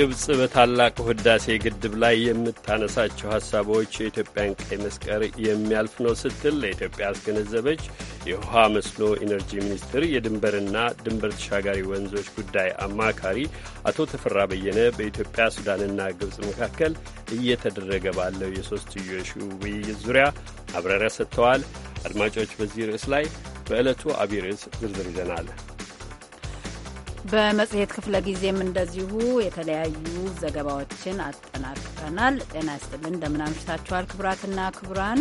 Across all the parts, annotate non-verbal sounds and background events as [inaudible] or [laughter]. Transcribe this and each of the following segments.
ግብጽ በታላቁ ህዳሴ ግድብ ላይ የምታነሳቸው ሀሳቦች የኢትዮጵያን ቀይ መስቀር የሚያልፍ ነው ስትል ለኢትዮጵያ አስገነዘበች የውሃ መስኖ ኢነርጂ ሚኒስትር የድንበርና ድንበር ተሻጋሪ ወንዞች ጉዳይ አማካሪ አቶ ተፈራ በየነ በኢትዮጵያ ሱዳንና ግብጽ መካከል እየተደረገ ባለው የሶስትዮሽ ውይይት ዙሪያ ማብራሪያ ሰጥተዋል። አድማጮች፣ በዚህ ርዕስ ላይ በዕለቱ አቢይ ርዕስ ዝርዝር ይዘናል። በመጽሔት ክፍለ ጊዜም እንደዚሁ የተለያዩ ዘገባዎችን አጠናቅቀናል። ጤና ይስጥልን፣ እንደምን አምሽታችኋል ክቡራትና ክቡራን።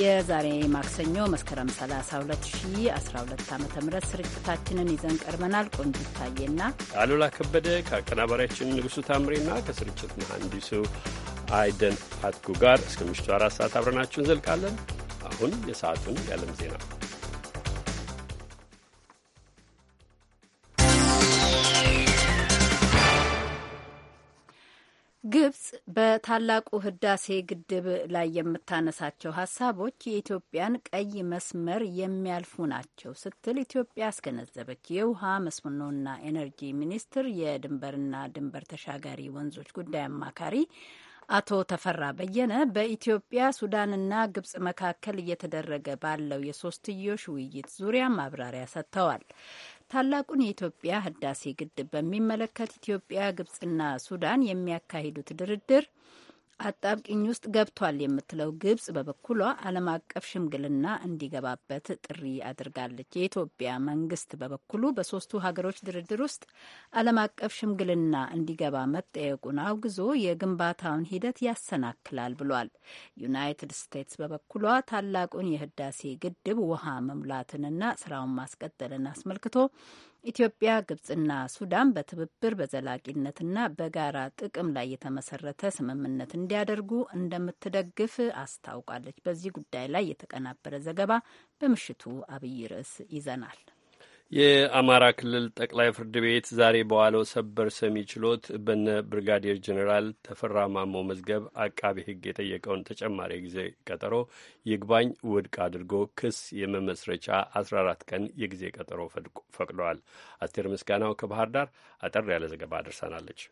የዛሬ ማክሰኞ መስከረም 30 2012 ዓ ም ስርጭታችንን ይዘን ቀርበናል። ቆንጆ ይታየና አሉላ ከበደ ከአቀናባሪያችን ንጉሱ ታምሬና ከስርጭት መሐንዲሱ አይደን አትጉ ጋር እስከ ምሽቱ አራት ሰዓት አብረናችሁን እንዘልቃለን። አሁን የሰዓቱን የዓለም ዜና ግብጽ በታላቁ ህዳሴ ግድብ ላይ የምታነሳቸው ሀሳቦች የኢትዮጵያን ቀይ መስመር የሚያልፉ ናቸው ስትል ኢትዮጵያ አስገነዘበች። የውሃ መስኖና ኤነርጂ ሚኒስትር የድንበርና ድንበር ተሻጋሪ ወንዞች ጉዳይ አማካሪ አቶ ተፈራ በየነ በኢትዮጵያ ሱዳንና ግብጽ መካከል እየተደረገ ባለው የሶስትዮሽ ውይይት ዙሪያ ማብራሪያ ሰጥተዋል። ታላቁን የኢትዮጵያ ህዳሴ ግድብ በሚመለከት ኢትዮጵያ፣ ግብጽና ሱዳን የሚያካሂዱት ድርድር አጣብቂኝ ውስጥ ገብቷል የምትለው ግብጽ በበኩሏ ዓለም አቀፍ ሽምግልና እንዲገባበት ጥሪ አድርጋለች። የኢትዮጵያ መንግስት በበኩሉ በሶስቱ ሀገሮች ድርድር ውስጥ ዓለም አቀፍ ሽምግልና እንዲገባ መጠየቁን አውግዞ የግንባታውን ሂደት ያሰናክላል ብሏል። ዩናይትድ ስቴትስ በበኩሏ ታላቁን የህዳሴ ግድብ ውሃ መሙላትንና ስራውን ማስቀጠልን አስመልክቶ ኢትዮጵያ፣ ግብጽና ሱዳን በትብብር በዘላቂነትና በጋራ ጥቅም ላይ የተመሰረተ ስምምነት እንዲያደርጉ እንደምትደግፍ አስታውቃለች። በዚህ ጉዳይ ላይ የተቀናበረ ዘገባ በምሽቱ አብይ ርዕስ ይዘናል። የአማራ ክልል ጠቅላይ ፍርድ ቤት ዛሬ በዋለው ሰበር ሰሚ ችሎት በነ ብርጋዴር ጀኔራል ተፈራ ማሞ መዝገብ አቃቢ ሕግ የጠየቀውን ተጨማሪ ጊዜ ቀጠሮ ይግባኝ ውድቅ አድርጎ ክስ የመመስረቻ 14 ቀን የጊዜ ቀጠሮ ፈቅደዋል። አስቴር ምስጋናው ከባህር ዳር አጠር ያለ ዘገባ አድርሳናለች።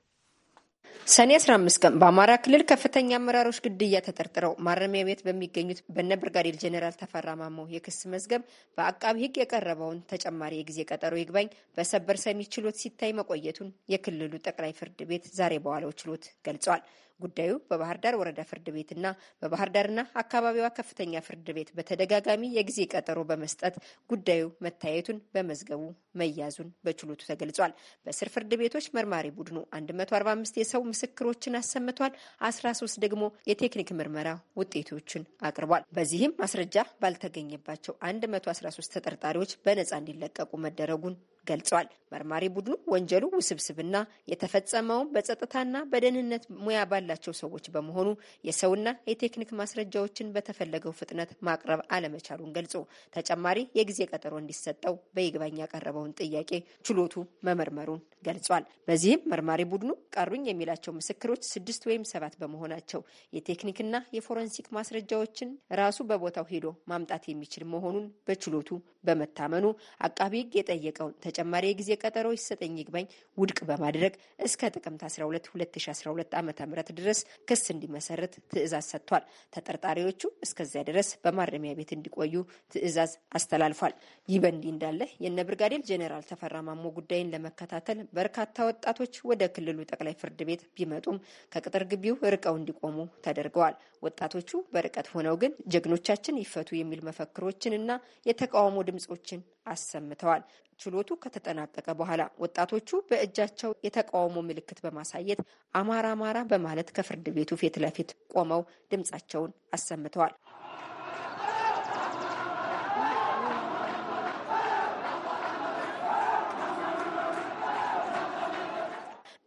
ሰኔ 15 ቀን በአማራ ክልል ከፍተኛ አመራሮች ግድያ ተጠርጥረው ማረሚያ ቤት በሚገኙት በነ ብርጋዴር ጄኔራል ተፈራ ማሞ የክስ መዝገብ በአቃቢ ሕግ የቀረበውን ተጨማሪ የጊዜ ቀጠሮ ይግባኝ በሰበር ሰሚ ችሎት ሲታይ መቆየቱን የክልሉ ጠቅላይ ፍርድ ቤት ዛሬ በዋለው ችሎት ገልጿል። ጉዳዩ በባህር ዳር ወረዳ ፍርድ ቤትና በባህር ዳርና አካባቢዋ ከፍተኛ ፍርድ ቤት በተደጋጋሚ የጊዜ ቀጠሮ በመስጠት ጉዳዩ መታየቱን በመዝገቡ መያዙን በችሎቱ ተገልጿል። በስር ፍርድ ቤቶች መርማሪ ቡድኑ 145 የሰው ምስክሮችን አሰምቷል። 13 ደግሞ የቴክኒክ ምርመራ ውጤቶችን አቅርቧል። በዚህም ማስረጃ ባልተገኘባቸው 113 ተጠርጣሪዎች በነጻ እንዲለቀቁ መደረጉን ገልጿል። መርማሪ ቡድኑ ወንጀሉ ውስብስብና የተፈጸመውን በጸጥታና በደህንነት ሙያ ባላቸው ሰዎች በመሆኑ የሰውና የቴክኒክ ማስረጃዎችን በተፈለገው ፍጥነት ማቅረብ አለመቻሉን ገልጾ ተጨማሪ የጊዜ ቀጠሮ እንዲሰጠው በይግባኝ ያቀረበውን ጥያቄ ችሎቱ መመርመሩን ገልጿል። በዚህም መርማሪ ቡድኑ ቀሩኝ የሚላቸው ምስክሮች ስድስት ወይም ሰባት በመሆናቸው የቴክኒክና የፎረንሲክ ማስረጃዎችን ራሱ በቦታው ሄዶ ማምጣት የሚችል መሆኑን በችሎቱ በመታመኑ አቃቢ ሕግ የጠየቀውን ተጨማሪ የጊዜ ቀጠሮ ይሰጠኝ ይግባኝ ውድቅ በማድረግ እስከ ጥቅምት 12 2012 ዓ ም ድረስ ክስ እንዲመሰርት ትዕዛዝ ሰጥቷል። ተጠርጣሪዎቹ እስከዚያ ድረስ በማረሚያ ቤት እንዲቆዩ ትዕዛዝ አስተላልፏል። ይህ በእንዲህ እንዳለ የነ ብርጋዴር ጄኔራል ተፈራ ማሞ ጉዳይን ለመከታተል በርካታ ወጣቶች ወደ ክልሉ ጠቅላይ ፍርድ ቤት ቢመጡም ከቅጥር ግቢው ርቀው እንዲቆሙ ተደርገዋል። ወጣቶቹ በርቀት ሆነው ግን ጀግኖቻችን ይፈቱ የሚል መፈክሮችንና የተቃውሞ ድምጾችን አሰምተዋል። ችሎቱ ከተጠናቀቀ በኋላ ወጣቶቹ በእጃቸው የተቃውሞ ምልክት በማሳየት አማራ አማራ በማለት ከፍርድ ቤቱ ፊት ለፊት ቆመው ድምጻቸውን አሰምተዋል።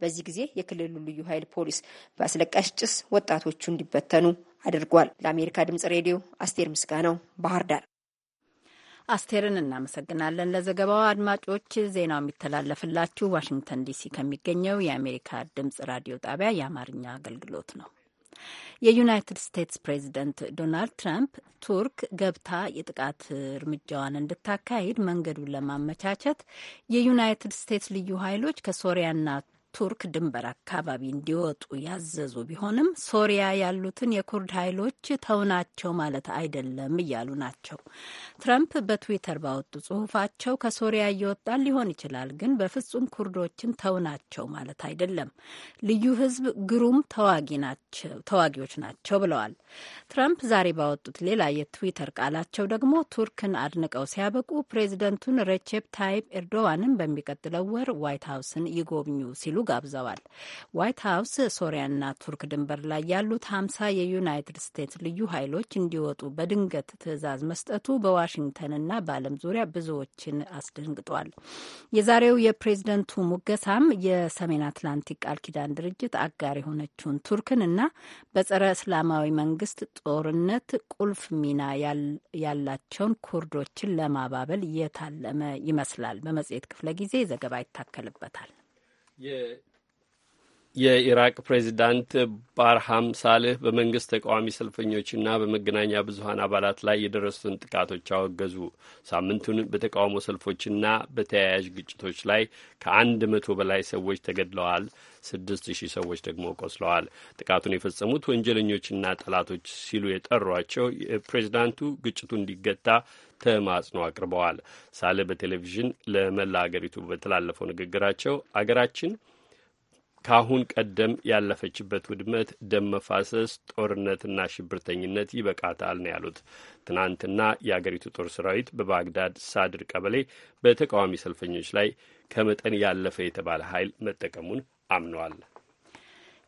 በዚህ ጊዜ የክልሉ ልዩ ኃይል ፖሊስ በአስለቃሽ ጭስ ወጣቶቹ እንዲበተኑ አድርጓል። ለአሜሪካ ድምጽ ሬዲዮ አስቴር ምስጋናው ባህር ዳር። አስቴርን እናመሰግናለን ለዘገባው። አድማጮች ዜናው የሚተላለፍላችሁ ዋሽንግተን ዲሲ ከሚገኘው የአሜሪካ ድምጽ ራዲዮ ጣቢያ የአማርኛ አገልግሎት ነው። የዩናይትድ ስቴትስ ፕሬዚደንት ዶናልድ ትራምፕ ቱርክ ገብታ የጥቃት እርምጃዋን እንድታካሂድ መንገዱን ለማመቻቸት የዩናይትድ ስቴትስ ልዩ ኃይሎች ከሶሪያና ቱርክ ድንበር አካባቢ እንዲወጡ ያዘዙ ቢሆንም ሶሪያ ያሉትን የኩርድ ኃይሎች ተውናቸው ማለት አይደለም እያሉ ናቸው። ትረምፕ በትዊተር ባወጡ ጽሁፋቸው ከሶሪያ እየወጣን ሊሆን ይችላል፣ ግን በፍጹም ኩርዶችን ተውናቸው ማለት አይደለም። ልዩ ህዝብ ግሩም ተዋጊዎች ናቸው ብለዋል። ትረምፕ ዛሬ ባወጡት ሌላ የትዊተር ቃላቸው ደግሞ ቱርክን አድንቀው ሲያበቁ ፕሬዚደንቱን ሬቼፕ ታይፕ ኤርዶዋንን በሚቀጥለው ወር ዋይት ሀውስን ይጎብኙ ሲሉ ጋብዘዋል። ዋይት ሀውስ ሶሪያና ቱርክ ድንበር ላይ ያሉት ሀምሳ የዩናይትድ ስቴትስ ልዩ ኃይሎች እንዲወጡ በድንገት ትዕዛዝ መስጠቱ በዋሽንግተንና በዓለም ዙሪያ ብዙዎችን አስደንግጧል። የዛሬው የፕሬዝደንቱ ሙገሳም የሰሜን አትላንቲክ ቃል ኪዳን ድርጅት አጋር የሆነችውን ቱርክን እና በጸረ እስላማዊ መንግስት ጦርነት ቁልፍ ሚና ያላቸውን ኩርዶችን ለማባበል የታለመ ይመስላል። በመጽሔት ክፍለ ጊዜ ዘገባ ይታከልበታል። የኢራቅ ፕሬዚዳንት ባርሃም ሳልህ በመንግስት ተቃዋሚ ሰልፈኞችና በመገናኛ ብዙኃን አባላት ላይ የደረሱትን ጥቃቶች አወገዙ። ሳምንቱን በተቃውሞ ሰልፎችና በተያያዥ ግጭቶች ላይ ከአንድ መቶ በላይ ሰዎች ተገድለዋል ስድስት ሺህ ሰዎች ደግሞ ቆስለዋል። ጥቃቱን የፈጸሙት ወንጀለኞችና ጠላቶች ሲሉ የጠሯቸው የፕሬዚዳንቱ ግጭቱ እንዲገታ ተማጽኖ አቅርበዋል። ሳለ በቴሌቪዥን ለመላ አገሪቱ በተላለፈው ንግግራቸው አገራችን ከአሁን ቀደም ያለፈችበት ውድመት፣ ደም መፋሰስ፣ ጦርነትና ሽብርተኝነት ይበቃታል ነው ያሉት። ትናንትና የአገሪቱ ጦር ሰራዊት በባግዳድ ሳድር ቀበሌ በተቃዋሚ ሰልፈኞች ላይ ከመጠን ያለፈ የተባለ ኃይል መጠቀሙን አምነዋል።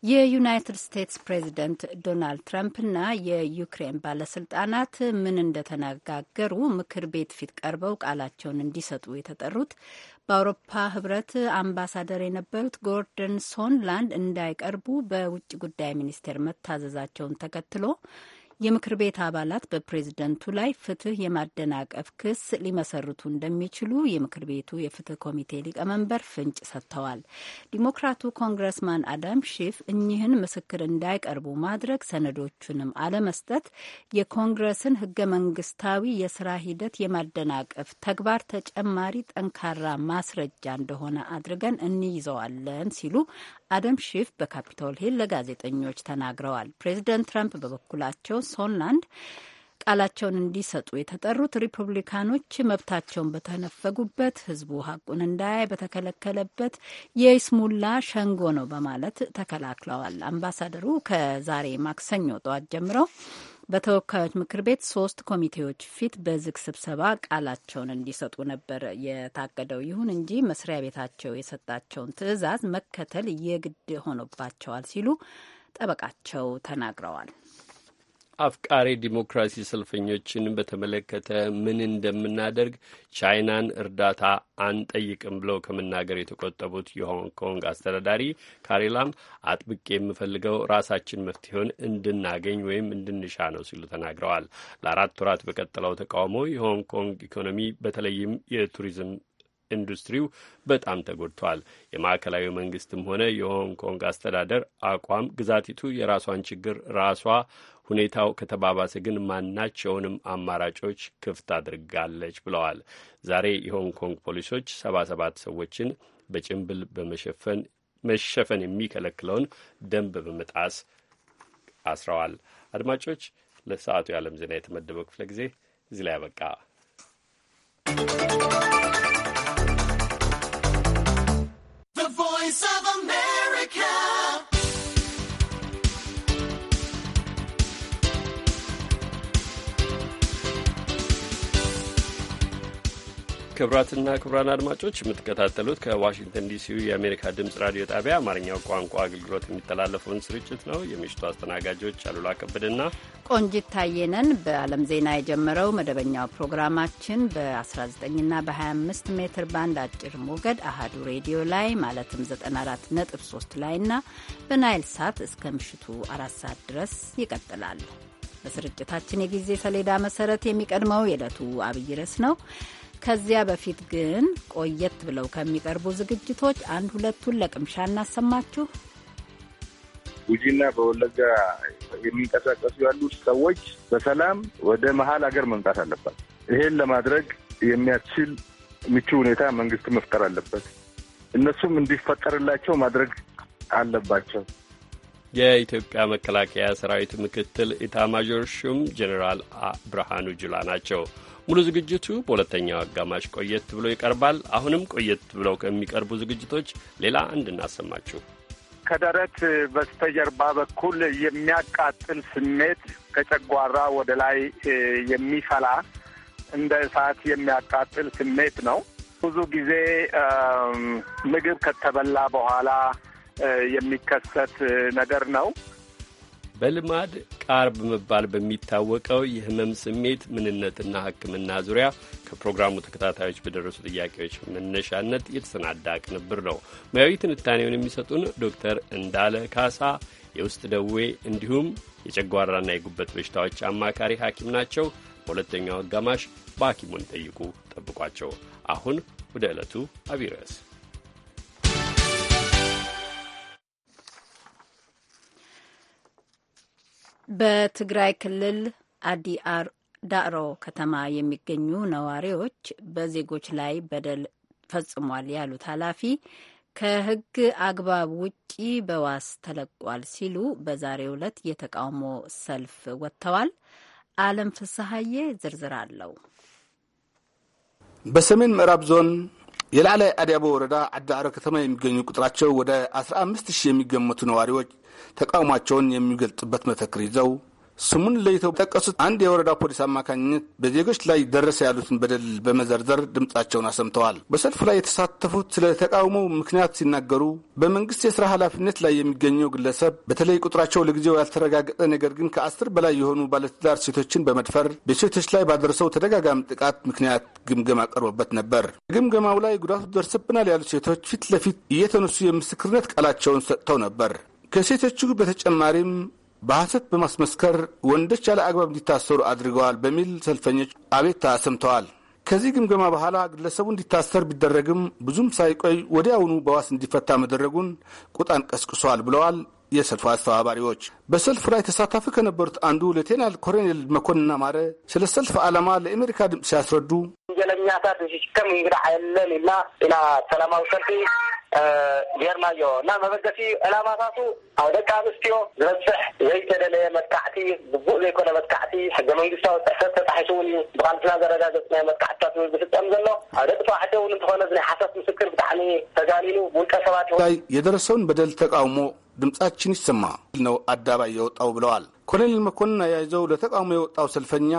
የዩናይትድ ስቴትስ ፕሬዚደንት ዶናልድ ትራምፕና የዩክሬን ባለስልጣናት ምን እንደተነጋገሩ ምክር ቤት ፊት ቀርበው ቃላቸውን እንዲሰጡ የተጠሩት በአውሮፓ ህብረት አምባሳደር የነበሩት ጎርደን ሶንላንድ እንዳይቀርቡ በውጭ ጉዳይ ሚኒስቴር መታዘዛቸውን ተከትሎ የምክር ቤት አባላት በፕሬዝደንቱ ላይ ፍትህ የማደናቀፍ ክስ ሊመሰርቱ እንደሚችሉ የምክር ቤቱ የፍትህ ኮሚቴ ሊቀመንበር ፍንጭ ሰጥተዋል። ዲሞክራቱ ኮንግረስማን አዳም ሺፍ እኚህን ምስክር እንዳይቀርቡ ማድረግ፣ ሰነዶቹንም አለመስጠት የኮንግረስን ህገ መንግስታዊ የስራ ሂደት የማደናቀፍ ተግባር ተጨማሪ ጠንካራ ማስረጃ እንደሆነ አድርገን እንይዘዋለን ሲሉ አደም ሺፍ በካፒቶል ሂል ለጋዜጠኞች ተናግረዋል። ፕሬዚደንት ትራምፕ በበኩላቸው ሶንላንድ ቃላቸውን እንዲሰጡ የተጠሩት ሪፐብሊካኖች መብታቸውን በተነፈጉበት ህዝቡ ሀቁን እንዳያይ በተከለከለበት የይስሙላ ሸንጎ ነው በማለት ተከላክለዋል። አምባሳደሩ ከዛሬ ማክሰኞ ጠዋት ጀምረው በተወካዮች ምክር ቤት ሶስት ኮሚቴዎች ፊት በዝግ ስብሰባ ቃላቸውን እንዲሰጡ ነበር የታቀደው። ይሁን እንጂ መስሪያ ቤታቸው የሰጣቸውን ትዕዛዝ መከተል የግድ ሆኖባቸዋል ሲሉ ጠበቃቸው ተናግረዋል። አፍቃሪ ዲሞክራሲ ሰልፈኞችን በተመለከተ ምን እንደምናደርግ ቻይናን እርዳታ አንጠይቅም ብለው ከመናገር የተቆጠቡት የሆንግ ኮንግ አስተዳዳሪ ካሪ ላም አጥብቄ የምፈልገው ራሳችን መፍትሄውን እንድናገኝ ወይም እንድንሻ ነው ሲሉ ተናግረዋል። ለአራት ወራት በቀጠለው ተቃውሞ የሆንግ ኮንግ ኢኮኖሚ በተለይም የቱሪዝም ኢንዱስትሪው በጣም ተጎድቷል። የማዕከላዊ መንግስትም ሆነ የሆንግ ኮንግ አስተዳደር አቋም ግዛቲቱ የራሷን ችግር ራሷ ሁኔታው ከተባባሰ ግን ማናቸውንም አማራጮች ክፍት አድርጋለች ብለዋል። ዛሬ የሆንግ ኮንግ ፖሊሶች ሰባ ሰባት ሰዎችን በጭንብል በመሸፈን መሸፈን የሚከለክለውን ደንብ በመጣስ አስረዋል። አድማጮች፣ ለሰዓቱ የዓለም ዜና የተመደበው ክፍለ ጊዜ እዚህ ላይ አበቃ። ክብራትና ክብራን አድማጮች የምትከታተሉት ከዋሽንግተን ዲሲ የአሜሪካ ድምፅ ራዲዮ ጣቢያ አማርኛው ቋንቋ አገልግሎት የሚተላለፈውን ስርጭት ነው። የምሽቱ አስተናጋጆች አሉላ ከበደና ቆንጂት ታየነን። በዓለም ዜና የጀመረው መደበኛው ፕሮግራማችን በ19ና በ25 ሜትር ባንድ አጭር ሞገድ አሃዱ ሬዲዮ ላይ ማለትም 94.3 ላይና በናይል ሳት እስከ ምሽቱ አራት ሰዓት ድረስ ይቀጥላል። በስርጭታችን የጊዜ ሰሌዳ መሰረት የሚቀድመው የዕለቱ አብይ ርዕስ ነው። ከዚያ በፊት ግን ቆየት ብለው ከሚቀርቡ ዝግጅቶች አንድ ሁለቱን ለቅምሻ እናሰማችሁ። ጉጂና በወለጋ የሚንቀሳቀሱ ያሉት ሰዎች በሰላም ወደ መሀል ሀገር መምጣት አለባት። ይሄን ለማድረግ የሚያስችል ምቹ ሁኔታ መንግስት መፍጠር አለበት። እነሱም እንዲፈጠርላቸው ማድረግ አለባቸው። የኢትዮጵያ መከላከያ ሰራዊት ምክትል ኢታማዦር ሹም ጀኔራል ብርሃኑ ጁላ ናቸው። ሙሉ ዝግጅቱ በሁለተኛው አጋማሽ ቆየት ብሎ ይቀርባል። አሁንም ቆየት ብለው ከሚቀርቡ ዝግጅቶች ሌላ አንድ እናሰማችሁ። ከደረት በስተጀርባ በኩል የሚያቃጥል ስሜት ከጨጓራ ወደ ላይ የሚፈላ እንደ እሳት የሚያቃጥል ስሜት ነው። ብዙ ጊዜ ምግብ ከተበላ በኋላ የሚከሰት ነገር ነው። በልማድ ቃር በመባል በሚታወቀው የህመም ስሜት ምንነትና ሕክምና ዙሪያ ከፕሮግራሙ ተከታታዮች በደረሱ ጥያቄዎች መነሻነት የተሰናዳ ቅንብር ነው። ሙያዊ ትንታኔውን የሚሰጡን ዶክተር እንዳለ ካሳ የውስጥ ደዌ እንዲሁም የጨጓራና የጉበት በሽታዎች አማካሪ ሐኪም ናቸው። በሁለተኛው አጋማሽ በሐኪሙን ጠይቁ ጠብቋቸው። አሁን ወደ ዕለቱ አቢረስ በትግራይ ክልል አዲአር ዳዕሮ ከተማ የሚገኙ ነዋሪዎች በዜጎች ላይ በደል ፈጽሟል ያሉት ኃላፊ ከሕግ አግባብ ውጪ በዋስ ተለቋል ሲሉ በዛሬው ዕለት የተቃውሞ ሰልፍ ወጥተዋል። አለም ፍስሐዬ ዝርዝር አለው። በሰሜን ምዕራብ ዞን የላዕላይ አዲያቦ ወረዳ አዳዕሮ ከተማ የሚገኙ ቁጥራቸው ወደ 15 ሺህ የሚገመቱ ነዋሪዎች ተቃውሟቸውን የሚገልጽበት መፈክር ይዘው ስሙን ለይተው ጠቀሱት አንድ የወረዳ ፖሊስ አማካኝነት በዜጎች ላይ ደረሰ ያሉትን በደል በመዘርዘር ድምጻቸውን አሰምተዋል። በሰልፉ ላይ የተሳተፉት ስለ ተቃውሞ ምክንያት ሲናገሩ በመንግስት የስራ ኃላፊነት ላይ የሚገኘው ግለሰብ በተለይ ቁጥራቸው ለጊዜው ያልተረጋገጠ ነገር ግን ከአስር በላይ የሆኑ ባለትዳር ሴቶችን በመድፈር በሴቶች ላይ ባደረሰው ተደጋጋሚ ጥቃት ምክንያት ግምገማ ቀርቦበት ነበር። ግምገማው ላይ ጉዳቱ ደርስብናል ያሉት ሴቶች ፊት ለፊት እየተነሱ የምስክርነት ቃላቸውን ሰጥተው ነበር። ከሴቶቹ በተጨማሪም በሐሰት በማስመስከር ወንዶች ያለ አግባብ እንዲታሰሩ አድርገዋል በሚል ሰልፈኞች አቤት ሰምተዋል። ከዚህ ግምገማ በኋላ ግለሰቡ እንዲታሰር ቢደረግም ብዙም ሳይቆይ ወዲያውኑ በዋስ እንዲፈታ መደረጉን ቁጣን ቀስቅሷል ብለዋል የሰልፉ አስተባባሪዎች። በሰልፍ ላይ ተሳታፊ ከነበሩት አንዱ ሌተናል ኮሎኔል መኮንን አማረ ስለ ሰልፍ ዓላማ ለአሜሪካ ድምፅ ሲያስረዱ ወንጀለኛታት ሽሽከም እንግዳ አየለን እና ኢና ሰላማዊ ሰልፊ ጌርናዮ እና መበገሲ ዕላማታቱ ኣብ ደቂ ኣንስትዮ ዝበፅሕ ዘይተደለየ መጥቃዕቲ ግቡእ ዘይኮነ መጥቃዕቲ ሕገ መንግስታዊ ጥሕሰት ተጣሒሱ እውን ብቃልስና ዘረጋገፅ ናይ መጥቃዕትታት ዝፍፀም ዘሎ ኣብ ደቂ ተባዕትዮ እውን እንትኾነ ናይ ሓሰት ምስክር ብጣዕሚ ተጋሊሉ ውልቀ ሰባት የደረሰውን በደል ተቃውሞ ድምፃችን ይሰማ ነው አዳ በአደባባይ የወጣው ብለዋል። ኮሎኔል መኮንን አያይዘው ለተቃውሞ የወጣው ሰልፈኛ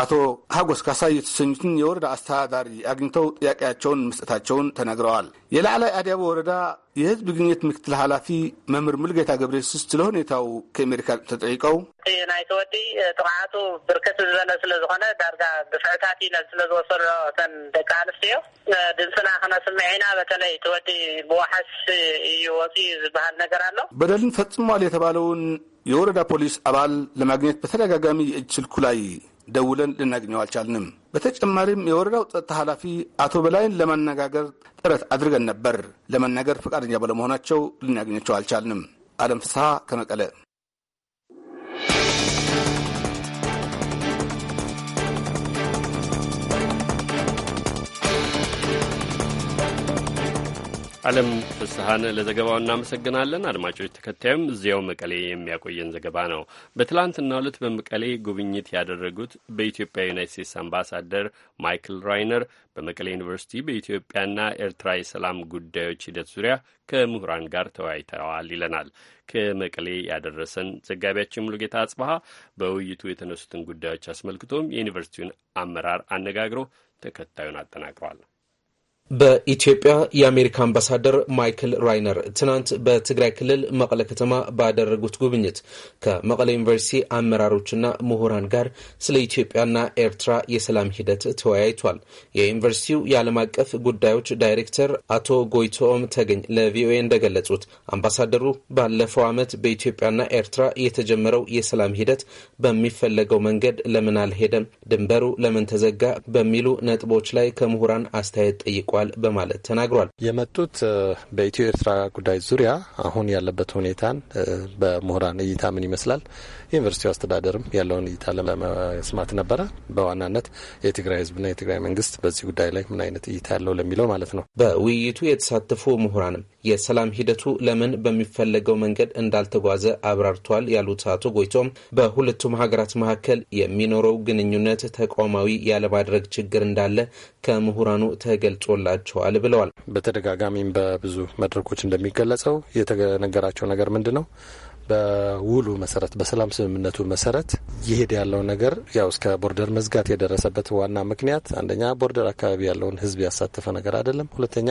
አቶ ሀጎስ ካሳይ የተሰኙትን የወረዳ አስተዳዳሪ አግኝተው ጥያቄያቸውን መስጠታቸውን ተናግረዋል። የላዕላይ አዲያቦ ወረዳ የህዝብ ግንኙነት ምክትል ኃላፊ መምህር ሙልጌታ ገብረየሱስ ስለ ሁኔታው ከአሜሪካ ተጠይቀው ናይቲ ወዲ ጥቃዓቱ ብርክት ዝበለ ስለ ዝኾነ ዳርጋ ብፍዕታት ኢነ ስለ ዝወሰሎ ተን ደቂ ኣንስትዮ ድምፅና ክነስምዕ ኢና በተለይ ትወዲ ብዋሓስ እዩ ወፅኡ ዝበሃል ነገር ኣሎ በደልን ፈጽሟል የተባለውን የወረዳ ፖሊስ ኣባል ለማግኘት በተደጋጋሚ የእጅ ስልኩ ላይ ደውለን ልናገኘው አልቻልንም። በተጨማሪም የወረዳው ጸጥታ ኃላፊ አቶ በላይን ለማነጋገር ጥረት አድርገን ነበር። ለመናገር ፈቃደኛ ባለመሆናቸው ልናገኛቸው አልቻልንም። አለም ፍስሐ ከመቀለ አለም ፍስሐን ለዘገባው እናመሰግናለን። አድማጮች ተከታዩም እዚያው መቀሌ የሚያቆየን ዘገባ ነው። በትላንትናው ሁለት በመቀሌ ጉብኝት ያደረጉት በኢትዮጵያ ዩናይት ስቴትስ አምባሳደር ማይክል ራይነር በመቀሌ ዩኒቨርሲቲ በኢትዮጵያና ኤርትራ የሰላም ጉዳዮች ሂደት ዙሪያ ከምሁራን ጋር ተወያይተዋል ይለናል ከመቀሌ ያደረሰን ዘጋቢያችን ሙሉጌታ አጽበሀ በውይይቱ የተነሱትን ጉዳዮች አስመልክቶም የዩኒቨርሲቲውን አመራር አነጋግሮ ተከታዩን አጠናቅሯል። በኢትዮጵያ የአሜሪካ አምባሳደር ማይክል ራይነር ትናንት በትግራይ ክልል መቀለ ከተማ ባደረጉት ጉብኝት ከመቀለ ዩኒቨርሲቲ አመራሮችና ምሁራን ጋር ስለ ኢትዮጵያና ኤርትራ የሰላም ሂደት ተወያይቷል። የዩኒቨርሲቲው የዓለም አቀፍ ጉዳዮች ዳይሬክተር አቶ ጎይቶኦም ተገኝ ለቪኦኤ እንደገለጹት አምባሳደሩ ባለፈው ዓመት በኢትዮጵያና ኤርትራ የተጀመረው የሰላም ሂደት በሚፈለገው መንገድ ለምን አልሄደም፣ ድንበሩ ለምን ተዘጋ በሚሉ ነጥቦች ላይ ከምሁራን አስተያየት ጠይቋል። ተጠናቋል በማለት ተናግሯል። የመጡት በኢትዮ ኤርትራ ጉዳይ ዙሪያ አሁን ያለበት ሁኔታን በምሁራን እይታ ምን ይመስላል የዩኒቨርሲቲው አስተዳደርም ያለውን እይታ ለመስማት ነበረ። በዋናነት የትግራይ ህዝብና የትግራይ መንግስት በዚህ ጉዳይ ላይ ምን አይነት እይታ ያለው ለሚለው ማለት ነው። በውይይቱ የተሳተፉ ምሁራንም የሰላም ሂደቱ ለምን በሚፈለገው መንገድ እንዳልተጓዘ አብራርቷል ያሉት አቶ ጎይቶም በሁለቱም ሀገራት መካከል የሚኖረው ግንኙነት ተቋማዊ ያለማድረግ ችግር እንዳለ ከምሁራኑ ተገልጾላቸዋል ብለዋል። በተደጋጋሚም በብዙ መድረኮች እንደሚገለጸው የተነገራቸው ነገር ምንድን ነው? በውሉ መሰረት በሰላም ስምምነቱ መሰረት እየሄደ ያለው ነገር ያው እስከ ቦርደር መዝጋት የደረሰበት ዋና ምክንያት አንደኛ ቦርደር አካባቢ ያለውን ህዝብ ያሳተፈ ነገር አይደለም። ሁለተኛ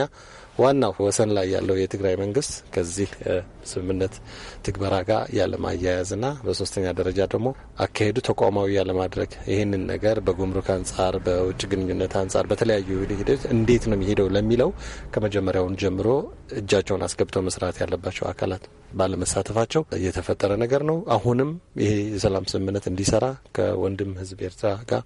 ዋናው ወሰን ላይ ያለው የትግራይ መንግስት ከዚህ ስምምነት ትግበራ ጋር ያለማያያዝና በሶስተኛ ደረጃ ደግሞ አካሄዱ ተቋማዊ ያለማድረግ ይህንን ነገር በጉምሩክ አንጻር፣ በውጭ ግንኙነት አንጻር፣ በተለያዩ ሂደት እንዴት ነው የሚሄደው ለሚለው ከመጀመሪያውን ጀምሮ እጃቸውን አስገብተው መስራት ያለባቸው አካላት ባለመሳተፋቸው የተፈጠረ ነገር ነው። አሁንም ይሄ የሰላም ስምምነት እንዲሰራ ከወንድም ህዝብ ኤርትራ ጋር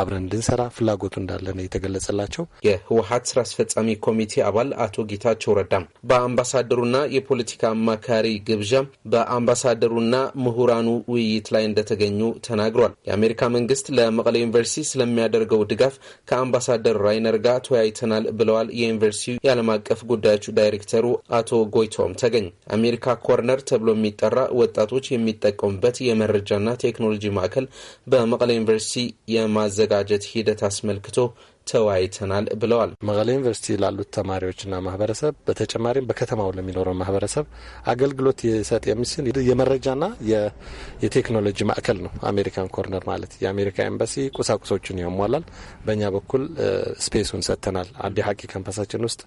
አብረን እንድንሰራ ፍላጎቱ እንዳለ ነው የተገለጸላቸው። የህወሀት ስራ አስፈጻሚ ኮሚቴ አባል አቶ ጌታቸው ረዳ በአምባሳደሩና የፖለቲካ አማካሪ ግብዣ በአምባሳደሩና ምሁራኑ ውይይት ላይ እንደተገኙ ተናግሯል። የአሜሪካ መንግስት ለመቀለ ዩኒቨርሲቲ ስለሚያደርገው ድጋፍ ከአምባሳደር ራይነር ጋር ተወያይተናል ብለዋል። የዩኒቨርሲቲው የዓለም አቀፍ ጉዳዮች ዳይሬክተሩ አቶ ጎይቶም ተገኝ አሜሪካ ኮርነር ተብሎ የሚጠራ ወጣቶች የሚጠቀሙበት የመረጃና ቴክኖሎጂ ማዕከል በመቀለ ዩኒቨርሲቲ የማዘጋጀት ሂደት አስመልክቶ ተወያይተናል ብለዋል። መቀሌ ዩኒቨርሲቲ ላሉት ተማሪዎችና ማህበረሰብ በተጨማሪም በከተማው ለሚኖረው ማህበረሰብ አገልግሎት ይሰጥ የሚችል የመረጃና የቴክኖሎጂ ማዕከል ነው። አሜሪካን ኮርነር ማለት የአሜሪካ ኤምባሲ ቁሳቁሶችን ያሟላል። በእኛ በኩል ስፔሱን ሰጥተናል። አዲ ሀቂ ካምፓሳችን ውስጥ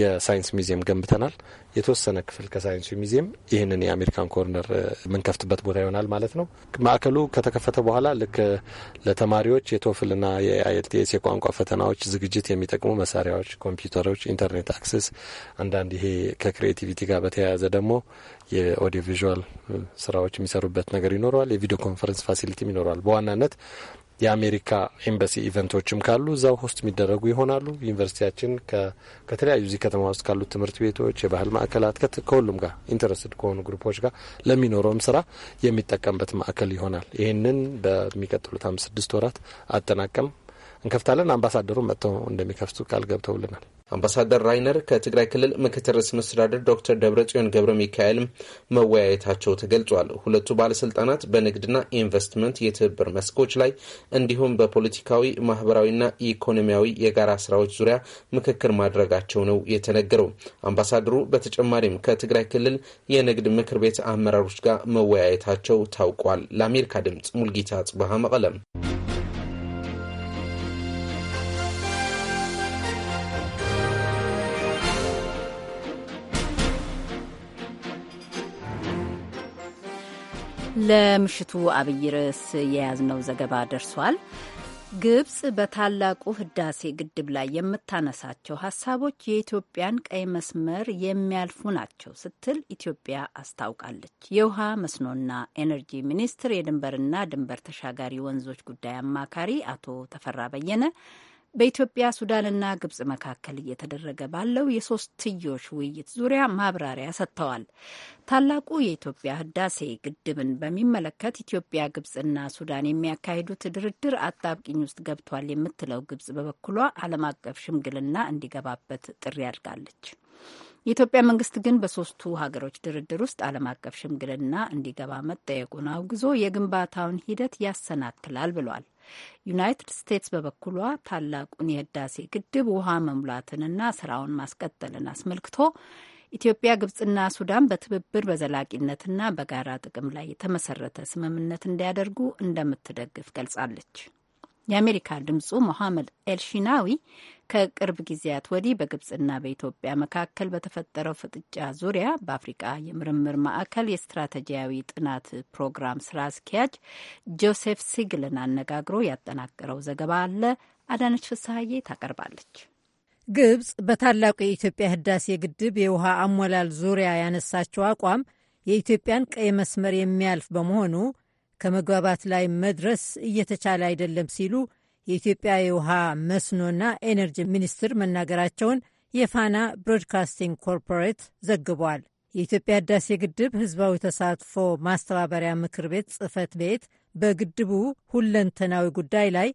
የሳይንስ ሚዚየም ገንብተናል። የተወሰነ ክፍል ከሳይንሱ ሚዚየም ይህንን የአሜሪካን ኮርነር የምንከፍትበት ቦታ ይሆናል ማለት ነው። ማዕከሉ ከተከፈተ በኋላ ልክ ለተማሪዎች የቶፍልና የአይኤልቲኤስ የቋንቋ ፈተናዎች ዝግጅት የሚጠቅሙ መሳሪያዎች፣ ኮምፒውተሮች፣ ኢንተርኔት አክሰስ፣ አንዳንድ ይሄ ከክሪኤቲቪቲ ጋር በተያያዘ ደግሞ የኦዲዮ ቪዥዋል ስራዎች የሚሰሩበት ነገር ይኖረዋል። የቪዲዮ ኮንፈረንስ ፋሲሊቲም ይኖረዋል። በዋናነት የአሜሪካ ኤምባሲ ኢቨንቶችም ካሉ እዛው ሆስት የሚደረጉ ይሆናሉ። ዩኒቨርሲቲያችን ከተለያዩ እዚህ ከተማ ውስጥ ካሉ ትምህርት ቤቶች፣ የባህል ማዕከላት ከሁሉም ጋር ኢንተረስትድ ከሆኑ ግሩፖች ጋር ለሚኖረውም ስራ የሚጠቀምበት ማዕከል ይሆናል። ይህንን በሚቀጥሉት አምስት ስድስት ወራት አጠናቀም እንከፍታለን። አምባሳደሩ መጥተው እንደሚከፍቱ ቃል ገብተውልናል። አምባሳደር ራይነር ከትግራይ ክልል ምክትል ርዕሰ መስተዳደር ዶክተር ደብረጽዮን ገብረ ሚካኤልም መወያየታቸው ተገልጿል። ሁለቱ ባለስልጣናት በንግድና ኢንቨስትመንት የትብብር መስኮች ላይ እንዲሁም በፖለቲካዊ ማህበራዊና ኢኮኖሚያዊ የጋራ ስራዎች ዙሪያ ምክክር ማድረጋቸው ነው የተነገረው። አምባሳደሩ በተጨማሪም ከትግራይ ክልል የንግድ ምክር ቤት አመራሮች ጋር መወያየታቸው ታውቋል። ለአሜሪካ ድምጽ ሙልጌታ ጽብሃ መቀለም ለምሽቱ አብይ ርዕስ የያዝነው ዘገባ ደርሷል። ግብጽ በታላቁ ህዳሴ ግድብ ላይ የምታነሳቸው ሀሳቦች የኢትዮጵያን ቀይ መስመር የሚያልፉ ናቸው ስትል ኢትዮጵያ አስታውቃለች። የውሃ መስኖና ኤነርጂ ሚኒስትር የድንበርና ድንበር ተሻጋሪ ወንዞች ጉዳይ አማካሪ አቶ ተፈራ በየነ በኢትዮጵያ ሱዳንና ግብጽ መካከል እየተደረገ ባለው የሶስትዮሽ ውይይት ዙሪያ ማብራሪያ ሰጥተዋል። ታላቁ የኢትዮጵያ ህዳሴ ግድብን በሚመለከት ኢትዮጵያ፣ ግብጽና ሱዳን የሚያካሂዱት ድርድር አጣብቂኝ ውስጥ ገብቷል የምትለው ግብጽ በበኩሏ ዓለም አቀፍ ሽምግልና እንዲገባበት ጥሪ አድርጋለች። የኢትዮጵያ መንግስት ግን በሶስቱ ሀገሮች ድርድር ውስጥ ዓለም አቀፍ ሽምግልና እንዲገባ መጠየቁን አውግዞ የግንባታውን ሂደት ያሰናክላል ብሏል። ዩናይትድ ስቴትስ በበኩሏ ታላቁን የህዳሴ ግድብ ውሃ መሙላትንና ስራውን ማስቀጠልን አስመልክቶ ኢትዮጵያ፣ ግብጽና ሱዳን በትብብር በዘላቂነትና በጋራ ጥቅም ላይ የተመሰረተ ስምምነት እንዲያደርጉ እንደምትደግፍ ገልጻለች። የአሜሪካ ድምፁ ሞሐመድ ኤልሺናዊ ከቅርብ ጊዜያት ወዲህ በግብፅና በኢትዮጵያ መካከል በተፈጠረው ፍጥጫ ዙሪያ በአፍሪቃ የምርምር ማዕከል የስትራቴጂያዊ ጥናት ፕሮግራም ስራ አስኪያጅ ጆሴፍ ሲግልን አነጋግሮ ያጠናቀረው ዘገባ አለ። አዳነች ፍስሐዬ ታቀርባለች። ግብፅ በታላቁ የኢትዮጵያ ህዳሴ ግድብ የውሃ አሞላል ዙሪያ ያነሳችው አቋም የኢትዮጵያን ቀይ መስመር የሚያልፍ በመሆኑ ከመግባባት ላይ መድረስ እየተቻለ አይደለም ሲሉ የኢትዮጵያ የውሃ መስኖና ኤነርጂ ሚኒስትር መናገራቸውን የፋና ብሮድካስቲንግ ኮርፖሬት ዘግቧል። የኢትዮጵያ ህዳሴ ግድብ ህዝባዊ ተሳትፎ ማስተባበሪያ ምክር ቤት ጽህፈት ቤት በግድቡ ሁለንተናዊ ጉዳይ ላይ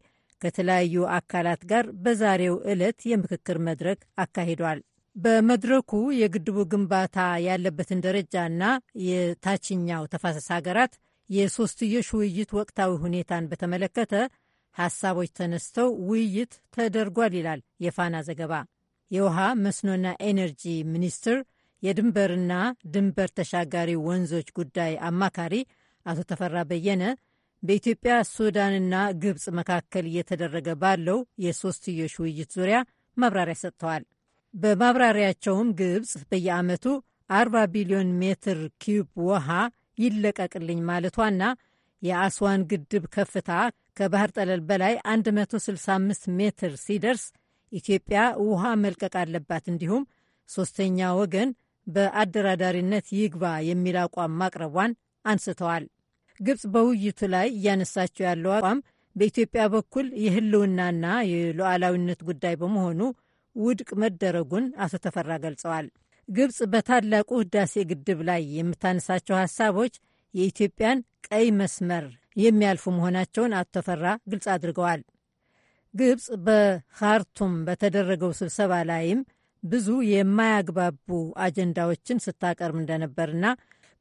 ከተለያዩ አካላት ጋር በዛሬው ዕለት የምክክር መድረክ አካሂዷል። በመድረኩ የግድቡ ግንባታ ያለበትን ደረጃ ና የታችኛው ተፋሰስ ሀገራት የሶስትዮሽ ውይይት ወቅታዊ ሁኔታን በተመለከተ ሐሳቦች ተነስተው ውይይት ተደርጓል ይላል የፋና ዘገባ። የውሃ መስኖና ኤነርጂ ሚኒስትር የድንበርና ድንበር ተሻጋሪ ወንዞች ጉዳይ አማካሪ አቶ ተፈራ በየነ በኢትዮጵያ ሱዳንና ግብፅ መካከል እየተደረገ ባለው የሶስትዮሽ ውይይት ዙሪያ ማብራሪያ ሰጥተዋል። በማብራሪያቸውም ግብፅ በየዓመቱ 40 ቢሊዮን ሜትር ኪዩብ ውሃ ይለቀቅልኝ ማለቷና የአስዋን ግድብ ከፍታ ከባህር ጠለል በላይ 165 ሜትር ሲደርስ ኢትዮጵያ ውሃ መልቀቅ አለባት፣ እንዲሁም ሶስተኛ ወገን በአደራዳሪነት ይግባ የሚል አቋም ማቅረቧን አንስተዋል። ግብፅ በውይይቱ ላይ እያነሳቸው ያለው አቋም በኢትዮጵያ በኩል የህልውናና የሉዓላዊነት ጉዳይ በመሆኑ ውድቅ መደረጉን አቶ ተፈራ ገልጸዋል። ግብፅ በታላቁ ህዳሴ ግድብ ላይ የምታነሳቸው ሀሳቦች የኢትዮጵያን ቀይ መስመር የሚያልፉ መሆናቸውን አቶ ተፈራ ግልጽ አድርገዋል። ግብፅ በካርቱም በተደረገው ስብሰባ ላይም ብዙ የማያግባቡ አጀንዳዎችን ስታቀርብ እንደነበርና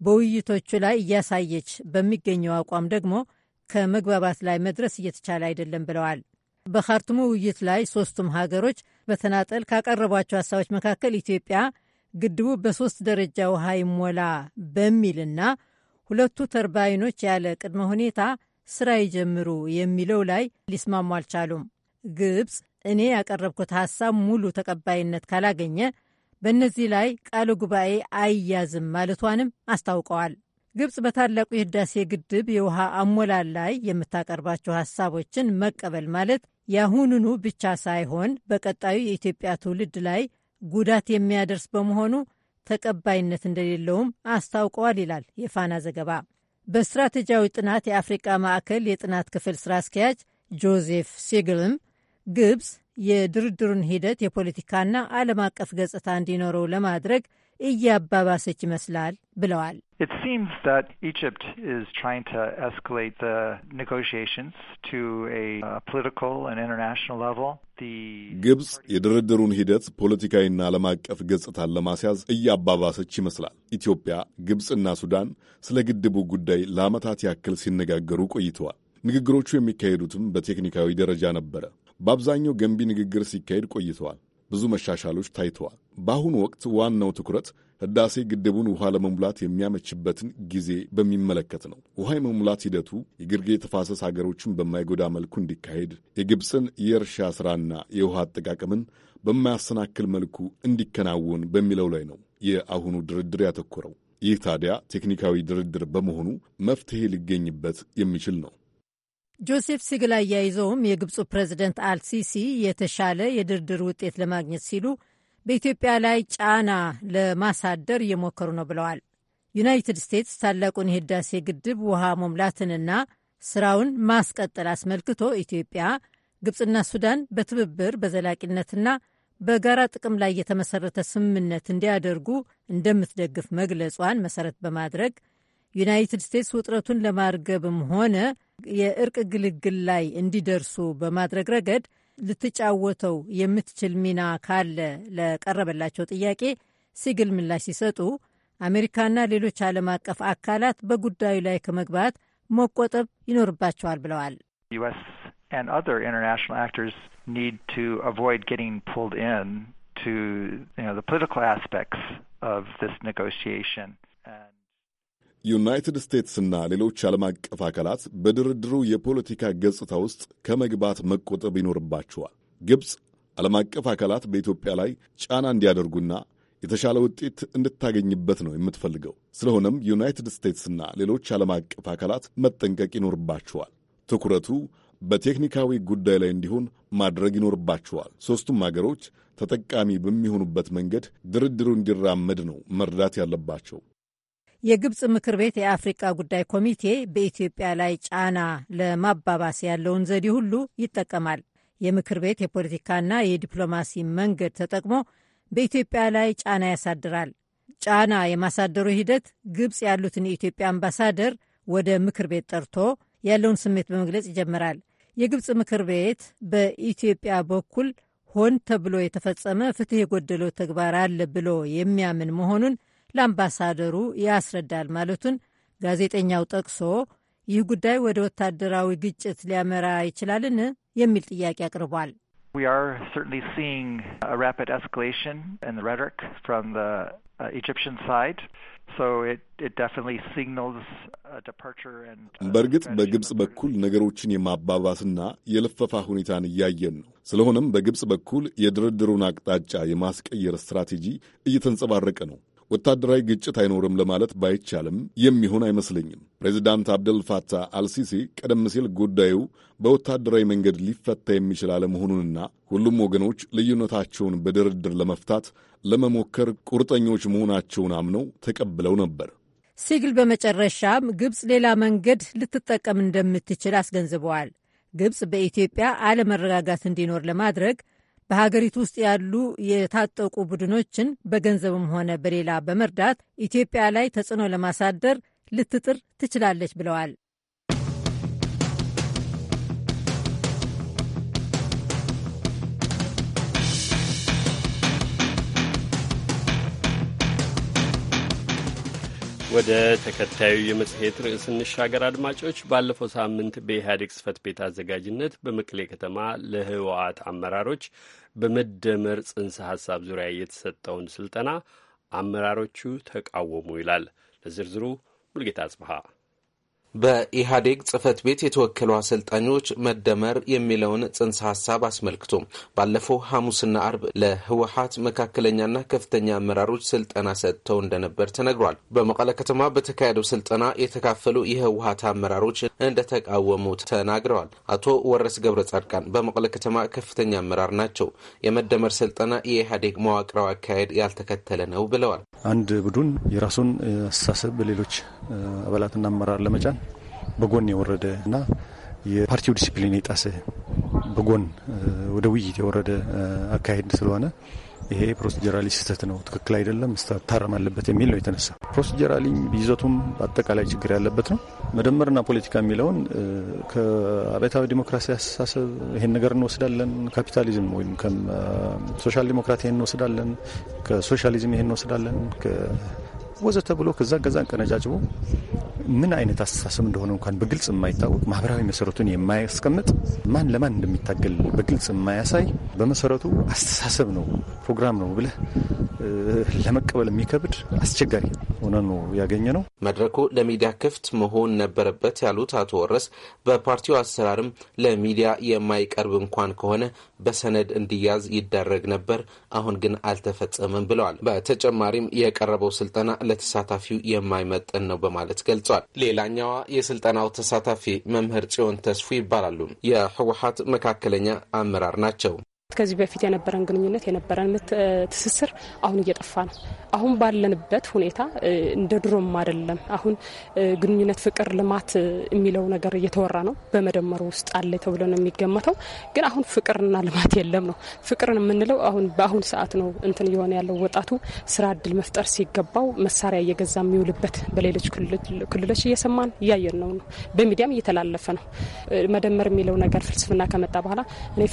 በውይይቶቹ ላይ እያሳየች በሚገኘው አቋም ደግሞ ከመግባባት ላይ መድረስ እየተቻለ አይደለም ብለዋል። በካርቱሙ ውይይት ላይ ሶስቱም ሀገሮች በተናጠል ካቀረቧቸው ሀሳቦች መካከል ኢትዮጵያ ግድቡ በሶስት ደረጃ ውሃ ይሞላ በሚልና ሁለቱ ተርባይኖች ያለ ቅድመ ሁኔታ ስራ ይጀምሩ የሚለው ላይ ሊስማሙ አልቻሉም። ግብፅ እኔ ያቀረብኩት ሀሳብ ሙሉ ተቀባይነት ካላገኘ በእነዚህ ላይ ቃለ ጉባኤ አይያዝም ማለቷንም አስታውቀዋል። ግብፅ በታላቁ የህዳሴ ግድብ የውሃ አሞላል ላይ የምታቀርባቸው ሀሳቦችን መቀበል ማለት ያሁኑኑ ብቻ ሳይሆን በቀጣዩ የኢትዮጵያ ትውልድ ላይ ጉዳት የሚያደርስ በመሆኑ ተቀባይነት እንደሌለውም አስታውቀዋል ይላል የፋና ዘገባ። በስትራቴጂያዊ ጥናት የአፍሪቃ ማዕከል የጥናት ክፍል ስራ አስኪያጅ ጆዜፍ ሲግልም ግብፅ የድርድሩን ሂደት የፖለቲካና ዓለም አቀፍ ገጽታ እንዲኖረው ለማድረግ እያባባሰች ይመስላል ብለዋል። It seems that Egypt is trying to escalate the negotiations to a political and international level. ግብፅ የድርድሩን ሂደት ፖለቲካዊና ዓለም አቀፍ ገጽታን ለማስያዝ እያባባሰች ይመስላል። ኢትዮጵያ፣ ግብፅና ሱዳን ስለ ግድቡ ጉዳይ ለዓመታት ያክል ሲነጋገሩ ቆይተዋል። ንግግሮቹ የሚካሄዱትም በቴክኒካዊ ደረጃ ነበረ። በአብዛኛው ገንቢ ንግግር ሲካሄድ ቆይተዋል። ብዙ መሻሻሎች ታይተዋል። በአሁኑ ወቅት ዋናው ትኩረት ህዳሴ ግድቡን ውሃ ለመሙላት የሚያመችበትን ጊዜ በሚመለከት ነው። ውሃ የመሙላት ሂደቱ የግርጌ ተፋሰስ ሀገሮችን በማይጎዳ መልኩ እንዲካሄድ፣ የግብፅን የእርሻ ስራና የውሃ አጠቃቀምን በማያሰናክል መልኩ እንዲከናወን በሚለው ላይ ነው የአሁኑ ድርድር ያተኮረው። ይህ ታዲያ ቴክኒካዊ ድርድር በመሆኑ መፍትሄ ሊገኝበት የሚችል ነው። ጆሴፍ ሲግል አያይዘውም የግብፁ ፕሬዚደንት አልሲሲ የተሻለ የድርድር ውጤት ለማግኘት ሲሉ በኢትዮጵያ ላይ ጫና ለማሳደር እየሞከሩ ነው ብለዋል። ዩናይትድ ስቴትስ ታላቁን የህዳሴ ግድብ ውሃ መሙላትንና ስራውን ማስቀጠል አስመልክቶ ኢትዮጵያ፣ ግብፅና ሱዳን በትብብር በዘላቂነትና በጋራ ጥቅም ላይ የተመሰረተ ስምምነት እንዲያደርጉ እንደምትደግፍ መግለጿን መሰረት በማድረግ ዩናይትድ ስቴትስ ውጥረቱን ለማርገብም ሆነ የእርቅ ግልግል ላይ እንዲደርሱ በማድረግ ረገድ ልትጫወተው የምትችል ሚና ካለ ለቀረበላቸው ጥያቄ ሲግል ምላሽ ሲሰጡ አሜሪካና ሌሎች ዓለም አቀፍ አካላት በጉዳዩ ላይ ከመግባት መቆጠብ ይኖርባቸዋል ብለዋል። ዩኤስ ዩናይትድ ስቴትስና ሌሎች ዓለም አቀፍ አካላት በድርድሩ የፖለቲካ ገጽታ ውስጥ ከመግባት መቆጠብ ይኖርባቸዋል። ግብፅ ዓለም አቀፍ አካላት በኢትዮጵያ ላይ ጫና እንዲያደርጉና የተሻለ ውጤት እንድታገኝበት ነው የምትፈልገው። ስለሆነም ዩናይትድ ስቴትስና ሌሎች ዓለም አቀፍ አካላት መጠንቀቅ ይኖርባቸዋል። ትኩረቱ በቴክኒካዊ ጉዳይ ላይ እንዲሆን ማድረግ ይኖርባቸዋል። ሦስቱም አገሮች ተጠቃሚ በሚሆኑበት መንገድ ድርድሩ እንዲራመድ ነው መርዳት ያለባቸው። የግብፅ ምክር ቤት የአፍሪቃ ጉዳይ ኮሚቴ በኢትዮጵያ ላይ ጫና ለማባባስ ያለውን ዘዴ ሁሉ ይጠቀማል። የምክር ቤት የፖለቲካና የዲፕሎማሲ መንገድ ተጠቅሞ በኢትዮጵያ ላይ ጫና ያሳድራል። ጫና የማሳደሩ ሂደት ግብፅ ያሉትን የኢትዮጵያ አምባሳደር ወደ ምክር ቤት ጠርቶ ያለውን ስሜት በመግለጽ ይጀምራል። የግብፅ ምክር ቤት በኢትዮጵያ በኩል ሆን ተብሎ የተፈጸመ ፍትሕ የጎደለው ተግባር አለ ብሎ የሚያምን መሆኑን ለአምባሳደሩ ያስረዳል ማለቱን ጋዜጠኛው ጠቅሶ ይህ ጉዳይ ወደ ወታደራዊ ግጭት ሊያመራ ይችላልን የሚል ጥያቄ አቅርቧል። uh, uh, በእርግጥ በግብፅ በኩል ነገሮችን የማባባስና የለፈፋ ሁኔታን እያየን ነው። ስለሆነም በግብፅ በኩል የድርድሩን አቅጣጫ የማስቀየር ስትራቴጂ እየተንጸባረቀ ነው። ወታደራዊ ግጭት አይኖርም ለማለት ባይቻልም የሚሆን አይመስለኝም። ፕሬዚዳንት አብደል ፋታህ አልሲሲ ቀደም ሲል ጉዳዩ በወታደራዊ መንገድ ሊፈታ የሚችል አለመሆኑንና ሁሉም ወገኖች ልዩነታቸውን በድርድር ለመፍታት ለመሞከር ቁርጠኞች መሆናቸውን አምነው ተቀብለው ነበር። ሲግል በመጨረሻም ግብፅ ሌላ መንገድ ልትጠቀም እንደምትችል አስገንዝበዋል። ግብፅ በኢትዮጵያ አለመረጋጋት እንዲኖር ለማድረግ በሀገሪቱ ውስጥ ያሉ የታጠቁ ቡድኖችን በገንዘብም ሆነ በሌላ በመርዳት ኢትዮጵያ ላይ ተጽዕኖ ለማሳደር ልትጥር ትችላለች ብለዋል። ወደ ተከታዩ የመጽሔት ርዕስ እንሻገር። አድማጮች ባለፈው ሳምንት በኢህአዴግ ጽህፈት ቤት አዘጋጅነት በመቀሌ ከተማ ለህወሓት አመራሮች በመደመር ጽንሰ ሐሳብ ዙሪያ የተሰጠውን ስልጠና አመራሮቹ ተቃወሙ ይላል። ለዝርዝሩ ሙልጌታ አጽብሃ በኢህአዴግ ጽህፈት ቤት የተወከሉ አሰልጣኞች መደመር የሚለውን ጽንሰ ሀሳብ አስመልክቶ ባለፈው ሐሙስና አርብ ለህወሀት መካከለኛና ከፍተኛ አመራሮች ስልጠና ሰጥተው እንደነበር ተነግሯል። በመቀለ ከተማ በተካሄደው ስልጠና የተካፈሉ የህወሀት አመራሮች እንደተቃወሙ ተናግረዋል። አቶ ወረስ ገብረ ጻድቃን በመቀለ ከተማ ከፍተኛ አመራር ናቸው። የመደመር ስልጠና የኢህአዴግ መዋቅራዊ አካሄድ ያልተከተለ ነው ብለዋል። አንድ ቡድን የራሱን አስተሳሰብ በሌሎች አባላትና አመራር ለመጫን በጎን የወረደ እና የፓርቲው ዲሲፕሊን የጣሰ በጎን ወደ ውይይት የወረደ አካሄድ ስለሆነ ይሄ ፕሮሲጀራሊ ስህተት ነው፣ ትክክል አይደለም፣ ታረም አለበት የሚል ነው የተነሳ። ፕሮሲጀራሊ ይዘቱም አጠቃላይ ችግር ያለበት ነው። መደመርና ፖለቲካ የሚለውን ከአብታዊ ዲሞክራሲ አስተሳሰብ ይሄን ነገር እንወስዳለን፣ ካፒታሊዝም ወይም ሶሻል ዲሞክራት ይሄን እንወስዳለን፣ ከሶሻሊዝም ይሄን እንወስዳለን፣ ወዘተ ብሎ ከዛ ገዛ ቀነጃጅቦ ምን አይነት አስተሳሰብ እንደሆነ እንኳን በግልጽ የማይታወቅ ማህበራዊ መሰረቱን የማያስቀምጥ ማን ለማን እንደሚታገል በግልጽ የማያሳይ በመሰረቱ አስተሳሰብ ነው ፕሮግራም ነው ብለህ ለመቀበል የሚከብድ አስቸጋሪ ነው። ሆነን ነው ያገኘ ነው። መድረኩ ለሚዲያ ክፍት መሆን ነበረበት ያሉት አቶ ወረስ በፓርቲው አሰራርም ለሚዲያ የማይቀርብ እንኳን ከሆነ በሰነድ እንዲያዝ ይደረግ ነበር፣ አሁን ግን አልተፈጸመም ብለዋል። በተጨማሪም የቀረበው ስልጠና ለተሳታፊው የማይመጠን ነው በማለት ገልጿል። ሌላኛዋ የስልጠናው ተሳታፊ መምህር ጽዮን ተስፉ ይባላሉ። የህወሀት መካከለኛ አመራር ናቸው። ከዚህ በፊት የነበረን ግንኙነት የነበረን ትስስር አሁን እየጠፋ ነው። አሁን ባለንበት ሁኔታ እንደ ድሮም አይደለም። አሁን ግንኙነት፣ ፍቅር፣ ልማት የሚለው ነገር እየተወራ ነው። በመደመሩ ውስጥ አለ ተብሎ ነው የሚገመተው። ግን አሁን ፍቅርና ልማት የለም ነው። ፍቅርን የምንለው አሁን በአሁን ሰዓት ነው እንትን እየሆነ ያለው። ወጣቱ ስራ እድል መፍጠር ሲገባው መሳሪያ እየገዛ የሚውልበት በሌሎች ክልሎች እየሰማን እያየን ነው ነው በሚዲያም እየተላለፈ ነው። መደመር የሚለው ነገር ፍልስፍና ከመጣ በኋላ እኔ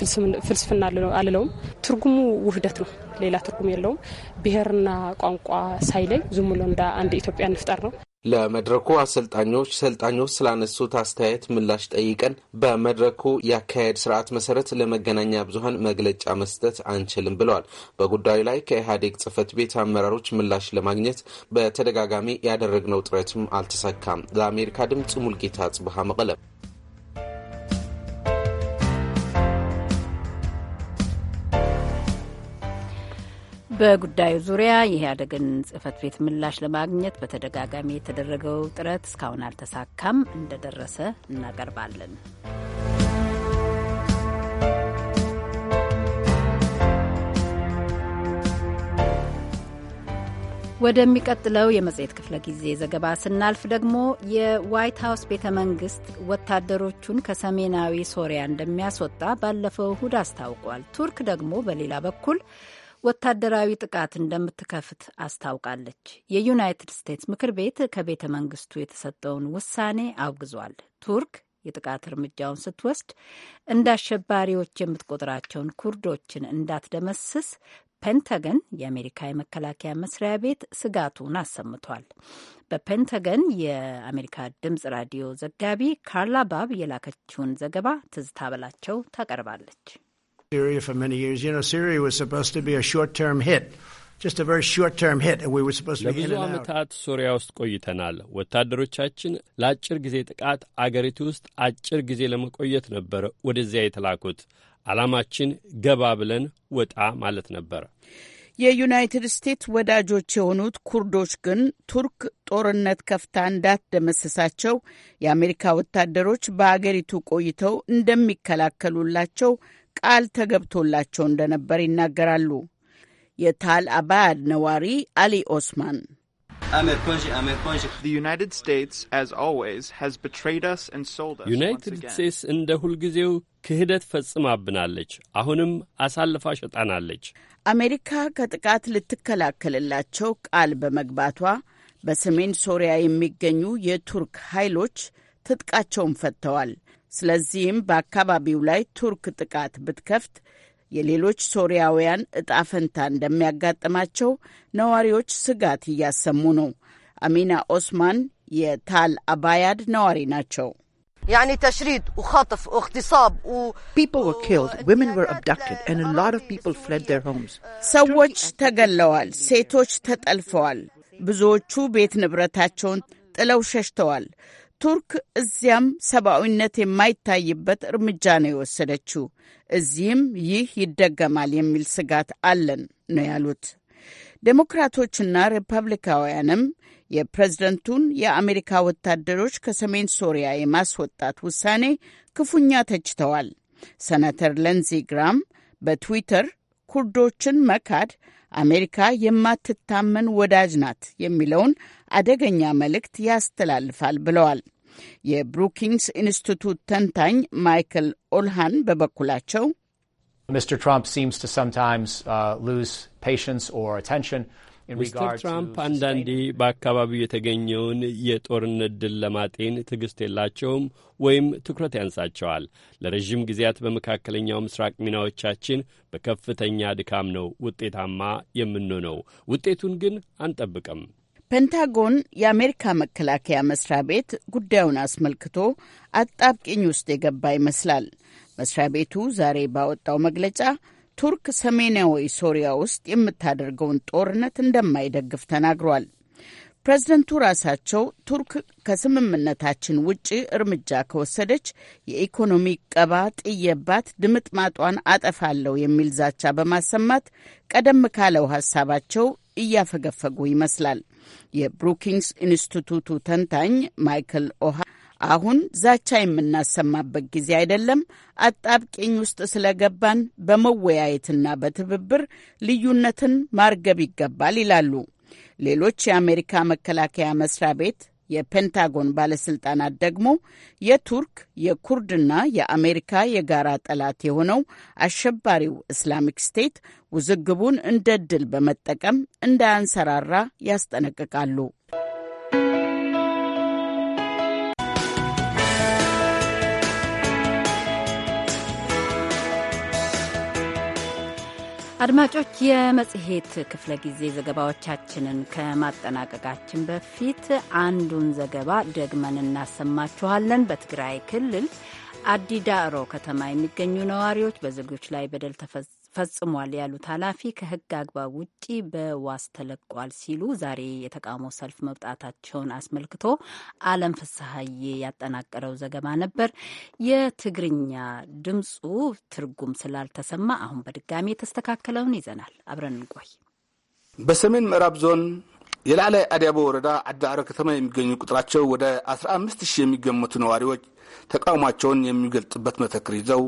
ፍልስፍና ልለው አልለውም። ትርጉሙ ውህደት ነው፣ ሌላ ትርጉም የለውም። ብሔርና ቋንቋ ሳይለይ ዝም ብሎ እንደ አንድ ኢትዮጵያ እንፍጠር ነው። ለመድረኩ አሰልጣኞች ሰልጣኞች ስላነሱት አስተያየት ምላሽ ጠይቀን በመድረኩ የአካሄድ ስርዓት መሰረት ለመገናኛ ብዙኃን መግለጫ መስጠት አንችልም ብለዋል። በጉዳዩ ላይ ከኢህአዴግ ጽህፈት ቤት አመራሮች ምላሽ ለማግኘት በተደጋጋሚ ያደረግነው ጥረትም አልተሳካም። ለአሜሪካ ድምፅ ሙልጌታ ጽብሃ መቀለም በጉዳዩ ዙሪያ የኢህአዴግን ጽህፈት ቤት ምላሽ ለማግኘት በተደጋጋሚ የተደረገው ጥረት እስካሁን አልተሳካም። እንደደረሰ እናቀርባለን። ወደሚቀጥለው የመጽሔት ክፍለ ጊዜ ዘገባ ስናልፍ ደግሞ የዋይት ሀውስ ቤተ መንግስት ወታደሮቹን ከሰሜናዊ ሶሪያ እንደሚያስወጣ ባለፈው እሁድ አስታውቋል። ቱርክ ደግሞ በሌላ በኩል ወታደራዊ ጥቃት እንደምትከፍት አስታውቃለች። የዩናይትድ ስቴትስ ምክር ቤት ከቤተ መንግስቱ የተሰጠውን ውሳኔ አውግዟል። ቱርክ የጥቃት እርምጃውን ስትወስድ እንደ አሸባሪዎች የምትቆጥራቸውን ኩርዶችን እንዳትደመስስ ፔንተገን የአሜሪካ የመከላከያ መስሪያ ቤት ስጋቱን አሰምቷል። በፔንተገን የአሜሪካ ድምጽ ራዲዮ ዘጋቢ ካርላ ባብ የላከችውን ዘገባ ትዝታ በላቸው ታቀርባለች። Syria for many years. You know, Syria was supposed to be a short-term hit. Just a very short-term hit and we were supposed to be in and out. ለብዙ ዓመታት ሶሪያ ውስጥ ቆይተናል። ወታደሮቻችን ለአጭር ጊዜ ጥቃት አገሪቱ ውስጥ አጭር ጊዜ ለመቆየት ነበር ወደዚያ የተላኩት። ዓላማችን ገባ ብለን ወጣ ማለት ነበር። የዩናይትድ ስቴትስ ወዳጆች የሆኑት ኩርዶች ግን ቱርክ ጦርነት ከፍታ እንዳትደመሰሳቸው የአሜሪካ ወታደሮች በአገሪቱ ቆይተው እንደሚከላከሉላቸው ቃል ተገብቶላቸው እንደነበር ይናገራሉ። የታል አባድ ነዋሪ አሊ ኦስማን ዩናይትድ ስቴትስ እንደ ሁልጊዜው ክህደት ፈጽማብናለች። አሁንም አሳልፋ ሸጣናለች። አሜሪካ ከጥቃት ልትከላከልላቸው ቃል በመግባቷ በሰሜን ሶሪያ የሚገኙ የቱርክ ኃይሎች ትጥቃቸውን ፈትተዋል። ስለዚህም በአካባቢው ላይ ቱርክ ጥቃት ብትከፍት የሌሎች ሶሪያውያን እጣ ፈንታ እንደሚያጋጥማቸው ነዋሪዎች ስጋት እያሰሙ ነው። አሚና ኦስማን የታል አባያድ ነዋሪ ናቸው። ሰዎች ተገለዋል፣ ሴቶች ተጠልፈዋል፣ ብዙዎቹ ቤት ንብረታቸውን ጥለው ሸሽተዋል። ቱርክ እዚያም ሰብአዊነት የማይታይበት እርምጃ ነው የወሰደችው። እዚህም ይህ ይደገማል የሚል ስጋት አለን ነው ያሉት። ዴሞክራቶችና ሪፐብሊካውያንም የፕሬዝደንቱን የአሜሪካ ወታደሮች ከሰሜን ሶሪያ የማስወጣት ውሳኔ ክፉኛ ተችተዋል። ሰነተር ለንዚ ግራም በትዊተር ኩርዶችን መካድ አሜሪካ የማትታመን ወዳጅ ናት የሚለውን አደገኛ መልእክት ያስተላልፋል ብለዋል። የብሩኪንግስ ኢንስቲቱት ተንታኝ ማይክል ኦልሃን በበኩላቸው ሚስተር ትራምፕ uh, አንዳንዴ በአካባቢው የተገኘውን የጦርነት ድል ለማጤን ትዕግስት የላቸውም ወይም ትኩረት ያንሳቸዋል። ለረዥም ጊዜያት በመካከለኛው ምስራቅ ሚናዎቻችን በከፍተኛ ድካም ነው ውጤታማ የምንሆነው፣ ውጤቱን ግን አንጠብቅም። ፔንታጎን የአሜሪካ መከላከያ መስሪያ ቤት ጉዳዩን አስመልክቶ አጣብቂኝ ውስጥ የገባ ይመስላል። መስሪያ ቤቱ ዛሬ ባወጣው መግለጫ ቱርክ ሰሜናዊ ሶሪያ ውስጥ የምታደርገውን ጦርነት እንደማይደግፍ ተናግሯል። ፕሬዝደንቱ ራሳቸው ቱርክ ከስምምነታችን ውጪ እርምጃ ከወሰደች የኢኮኖሚ ቀባ ጥየባት ድምጥማጧን አጠፋለሁ የሚል ዛቻ በማሰማት ቀደም ካለው ሀሳባቸው እያፈገፈጉ ይመስላል። የብሩኪንግስ ኢንስቲቱቱ ተንታኝ ማይክል ኦሃ አሁን ዛቻ የምናሰማበት ጊዜ አይደለም። አጣብቂኝ ውስጥ ስለገባን በመወያየትና በትብብር ልዩነትን ማርገብ ይገባል ይላሉ። ሌሎች የአሜሪካ መከላከያ መስሪያ ቤት የፔንታጎን ባለስልጣናት ደግሞ የቱርክ የኩርድና የአሜሪካ የጋራ ጠላት የሆነው አሸባሪው እስላሚክ ስቴት ውዝግቡን እንደ ድል በመጠቀም እንዳያንሰራራ ያስጠነቅቃሉ። አድማጮች የመጽሔት ክፍለ ጊዜ ዘገባዎቻችንን ከማጠናቀቃችን በፊት አንዱን ዘገባ ደግመን እናሰማችኋለን። በትግራይ ክልል አዲዳሮ ከተማ የሚገኙ ነዋሪዎች በዜጎች ላይ በደል ተፈጽ ፈጽሟል ያሉት ኃላፊ ከህግ አግባብ ውጪ በዋስ ተለቋል ሲሉ ዛሬ የተቃውሞ ሰልፍ መውጣታቸውን አስመልክቶ አለም ፍስሀዬ ያጠናቀረው ዘገባ ነበር። የትግርኛ ድምፁ ትርጉም ስላልተሰማ አሁን በድጋሚ የተስተካከለውን ይዘናል። አብረን እንቆይ። በሰሜን ምዕራብ ዞን የላዕላይ አዲያቦ ወረዳ አዳረ ከተማ የሚገኙ ቁጥራቸው ወደ 15 ሺህ የሚገመቱ ነዋሪዎች ተቃውሟቸውን የሚገልጽበት መፈክር ይዘው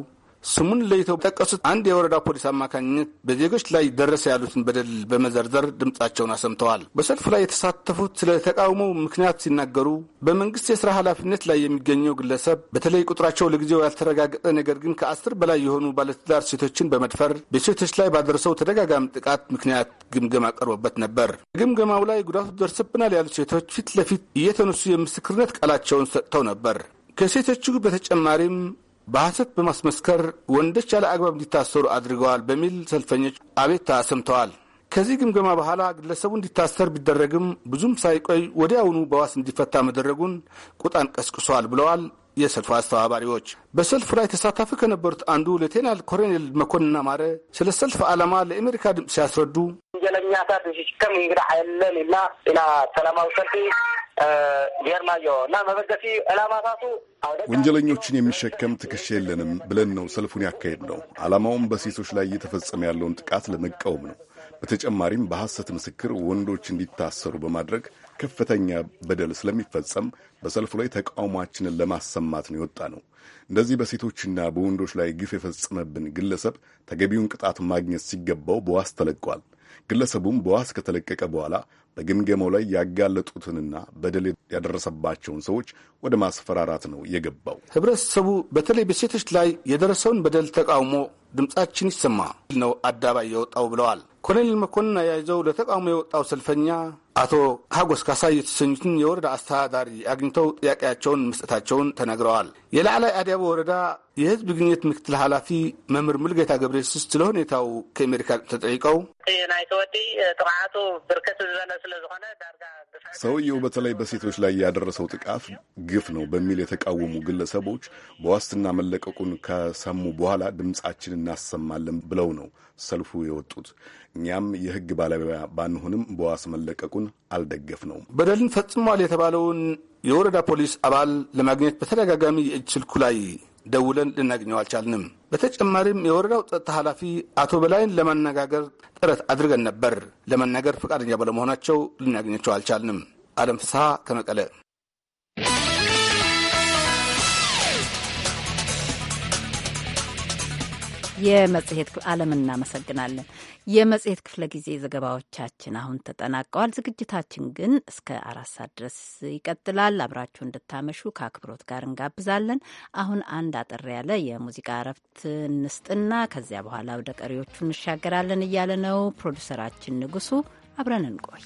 ስሙን ለይተው ጠቀሱት አንድ የወረዳ ፖሊስ አማካኝነት በዜጎች ላይ ደረሰ ያሉትን በደል በመዘርዘር ድምጻቸውን አሰምተዋል። በሰልፉ ላይ የተሳተፉት ስለ ተቃውሞ ምክንያት ሲናገሩ በመንግስት የስራ ኃላፊነት ላይ የሚገኘው ግለሰብ በተለይ ቁጥራቸው ለጊዜው ያልተረጋገጠ ነገር ግን ከአስር በላይ የሆኑ ባለትዳር ሴቶችን በመድፈር በሴቶች ላይ ባደረሰው ተደጋጋሚ ጥቃት ምክንያት ግምገማ ቀርቦበት ነበር። ግምገማው ላይ ጉዳቱ ደርስብናል ያሉት ሴቶች ፊት ለፊት እየተነሱ የምስክርነት ቃላቸውን ሰጥተው ነበር። ከሴቶቹ በተጨማሪም በሐሰት በማስመስከር ወንዶች ያለ አግባብ እንዲታሰሩ አድርገዋል በሚል ሰልፈኞች አቤት አሰምተዋል። ከዚህ ግምገማ በኋላ ግለሰቡ እንዲታሰር ቢደረግም ብዙም ሳይቆይ ወዲያውኑ በዋስ እንዲፈታ መደረጉን ቁጣን ቀስቅሷል ብለዋል የሰልፉ አስተባባሪዎች። በሰልፉ ላይ ተሳታፊ ከነበሩት አንዱ ሌቴናል ኮሎኔል መኮንን አማረ ስለ ሰልፍ ዓላማ ለአሜሪካ ድምፅ ሲያስረዱ ወንጀለኛታት ሽሽከም እንግዳ የለን ኢልና ኢና ሰላማዊ ሰልፊ እና ዕላማታቱ ወንጀለኞችን የሚሸከም ትከሻ የለንም ብለን ነው ሰልፉን ያካሄድ ነው። ዓላማውም በሴቶች ላይ እየተፈጸመ ያለውን ጥቃት ለመቃወም ነው። በተጨማሪም በሐሰት ምስክር ወንዶች እንዲታሰሩ በማድረግ ከፍተኛ በደል ስለሚፈጸም በሰልፉ ላይ ተቃውሟችንን ለማሰማት ነው የወጣ ነው። እንደዚህ በሴቶችና በወንዶች ላይ ግፍ የፈጸመብን ግለሰብ ተገቢውን ቅጣት ማግኘት ሲገባው በዋስ ተለቋል። ግለሰቡም በዋስ ከተለቀቀ በኋላ በግምገማው ላይ ያጋለጡትንና በደል ያደረሰባቸውን ሰዎች ወደ ማስፈራራት ነው የገባው። ህብረተሰቡ በተለይ በሴቶች ላይ የደረሰውን በደል ተቃውሞ ድምጻችን ይሰማ ነው አደባባይ የወጣው ብለዋል ኮሎኔል መኮንን። አያይዘው ለተቃውሞ የወጣው ሰልፈኛ አቶ ሀጎስ ካሳ የተሰኙትን የወረዳ አስተዳዳሪ አግኝተው ጥያቄያቸውን መስጠታቸውን ተናግረዋል። የላዕላይ አዲያቦ ወረዳ የህዝብ ግንኙነት ምክትል ኃላፊ መምህር ሙልጌታ ገብረየሱስ ስለ ሁኔታው ከአሜሪካ ተጠይቀው ሰውየው በተለይ በሴቶች ላይ ያደረሰው ጥቃት ግፍ ነው በሚል የተቃወሙ ግለሰቦች በዋስትና መለቀቁን ከሰሙ በኋላ ድምፃችን እናሰማለን ብለው ነው ሰልፉ የወጡት። እኛም የህግ ባለሙያ ባንሆንም በዋስ መለቀቁን መደረጉን አልደገፍ ነው። በደልን ፈጽሟል የተባለውን የወረዳ ፖሊስ አባል ለማግኘት በተደጋጋሚ የእጅ ስልኩ ላይ ደውለን ልናገኘው አልቻልንም። በተጨማሪም የወረዳው ጸጥታ ኃላፊ አቶ በላይን ለማነጋገር ጥረት አድርገን ነበር። ለመናገር ፈቃደኛ ባለመሆናቸው ልናገኛቸው አልቻልንም። አለም ፍስሐ ከመቀለ የመጽሔት ዓለም እናመሰግናለን። የመጽሔት ክፍለ ጊዜ ዘገባዎቻችን አሁን ተጠናቀዋል። ዝግጅታችን ግን እስከ አራት ሰዓት ድረስ ይቀጥላል። አብራችሁ እንድታመሹ ከአክብሮት ጋር እንጋብዛለን። አሁን አንድ አጠር ያለ የሙዚቃ እረፍት እንስጥና ከዚያ በኋላ ወደ ቀሪዎቹ እንሻገራለን እያለ ነው ፕሮዲሰራችን ንጉሱ። አብረን እንቆይ።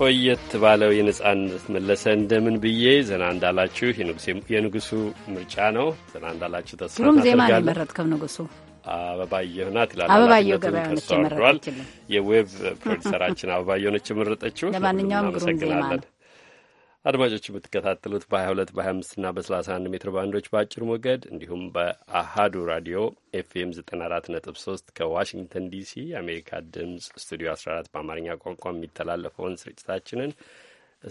ቆየት ባለው የነጻነት መለሰ እንደምን ብዬ ዘና እንዳላችሁ የንጉሱ ምርጫ ነው። ዘና እንዳላችሁ ተስፋ ግሩም ዜማ ነው የመረጥከው ንጉሱ። አበባየሁ ናት ይላል አበባየሁ ገበያነች የመረጠችልን የዌብ ፕሮዲሰራችን አበባየሁ ነች የመረጠችው። ለማንኛውም ግሩም ዜማ ነው። አድማጮች የምትከታተሉት በ22 25 እና በ31 ሜትር ባንዶች በአጭር ሞገድ እንዲሁም በአሃዱ ራዲዮ ኤፍኤም 94.3 ከዋሽንግተን ዲሲ የአሜሪካ ድምፅ ስቱዲዮ 14 በአማርኛ ቋንቋ የሚተላለፈውን ስርጭታችንን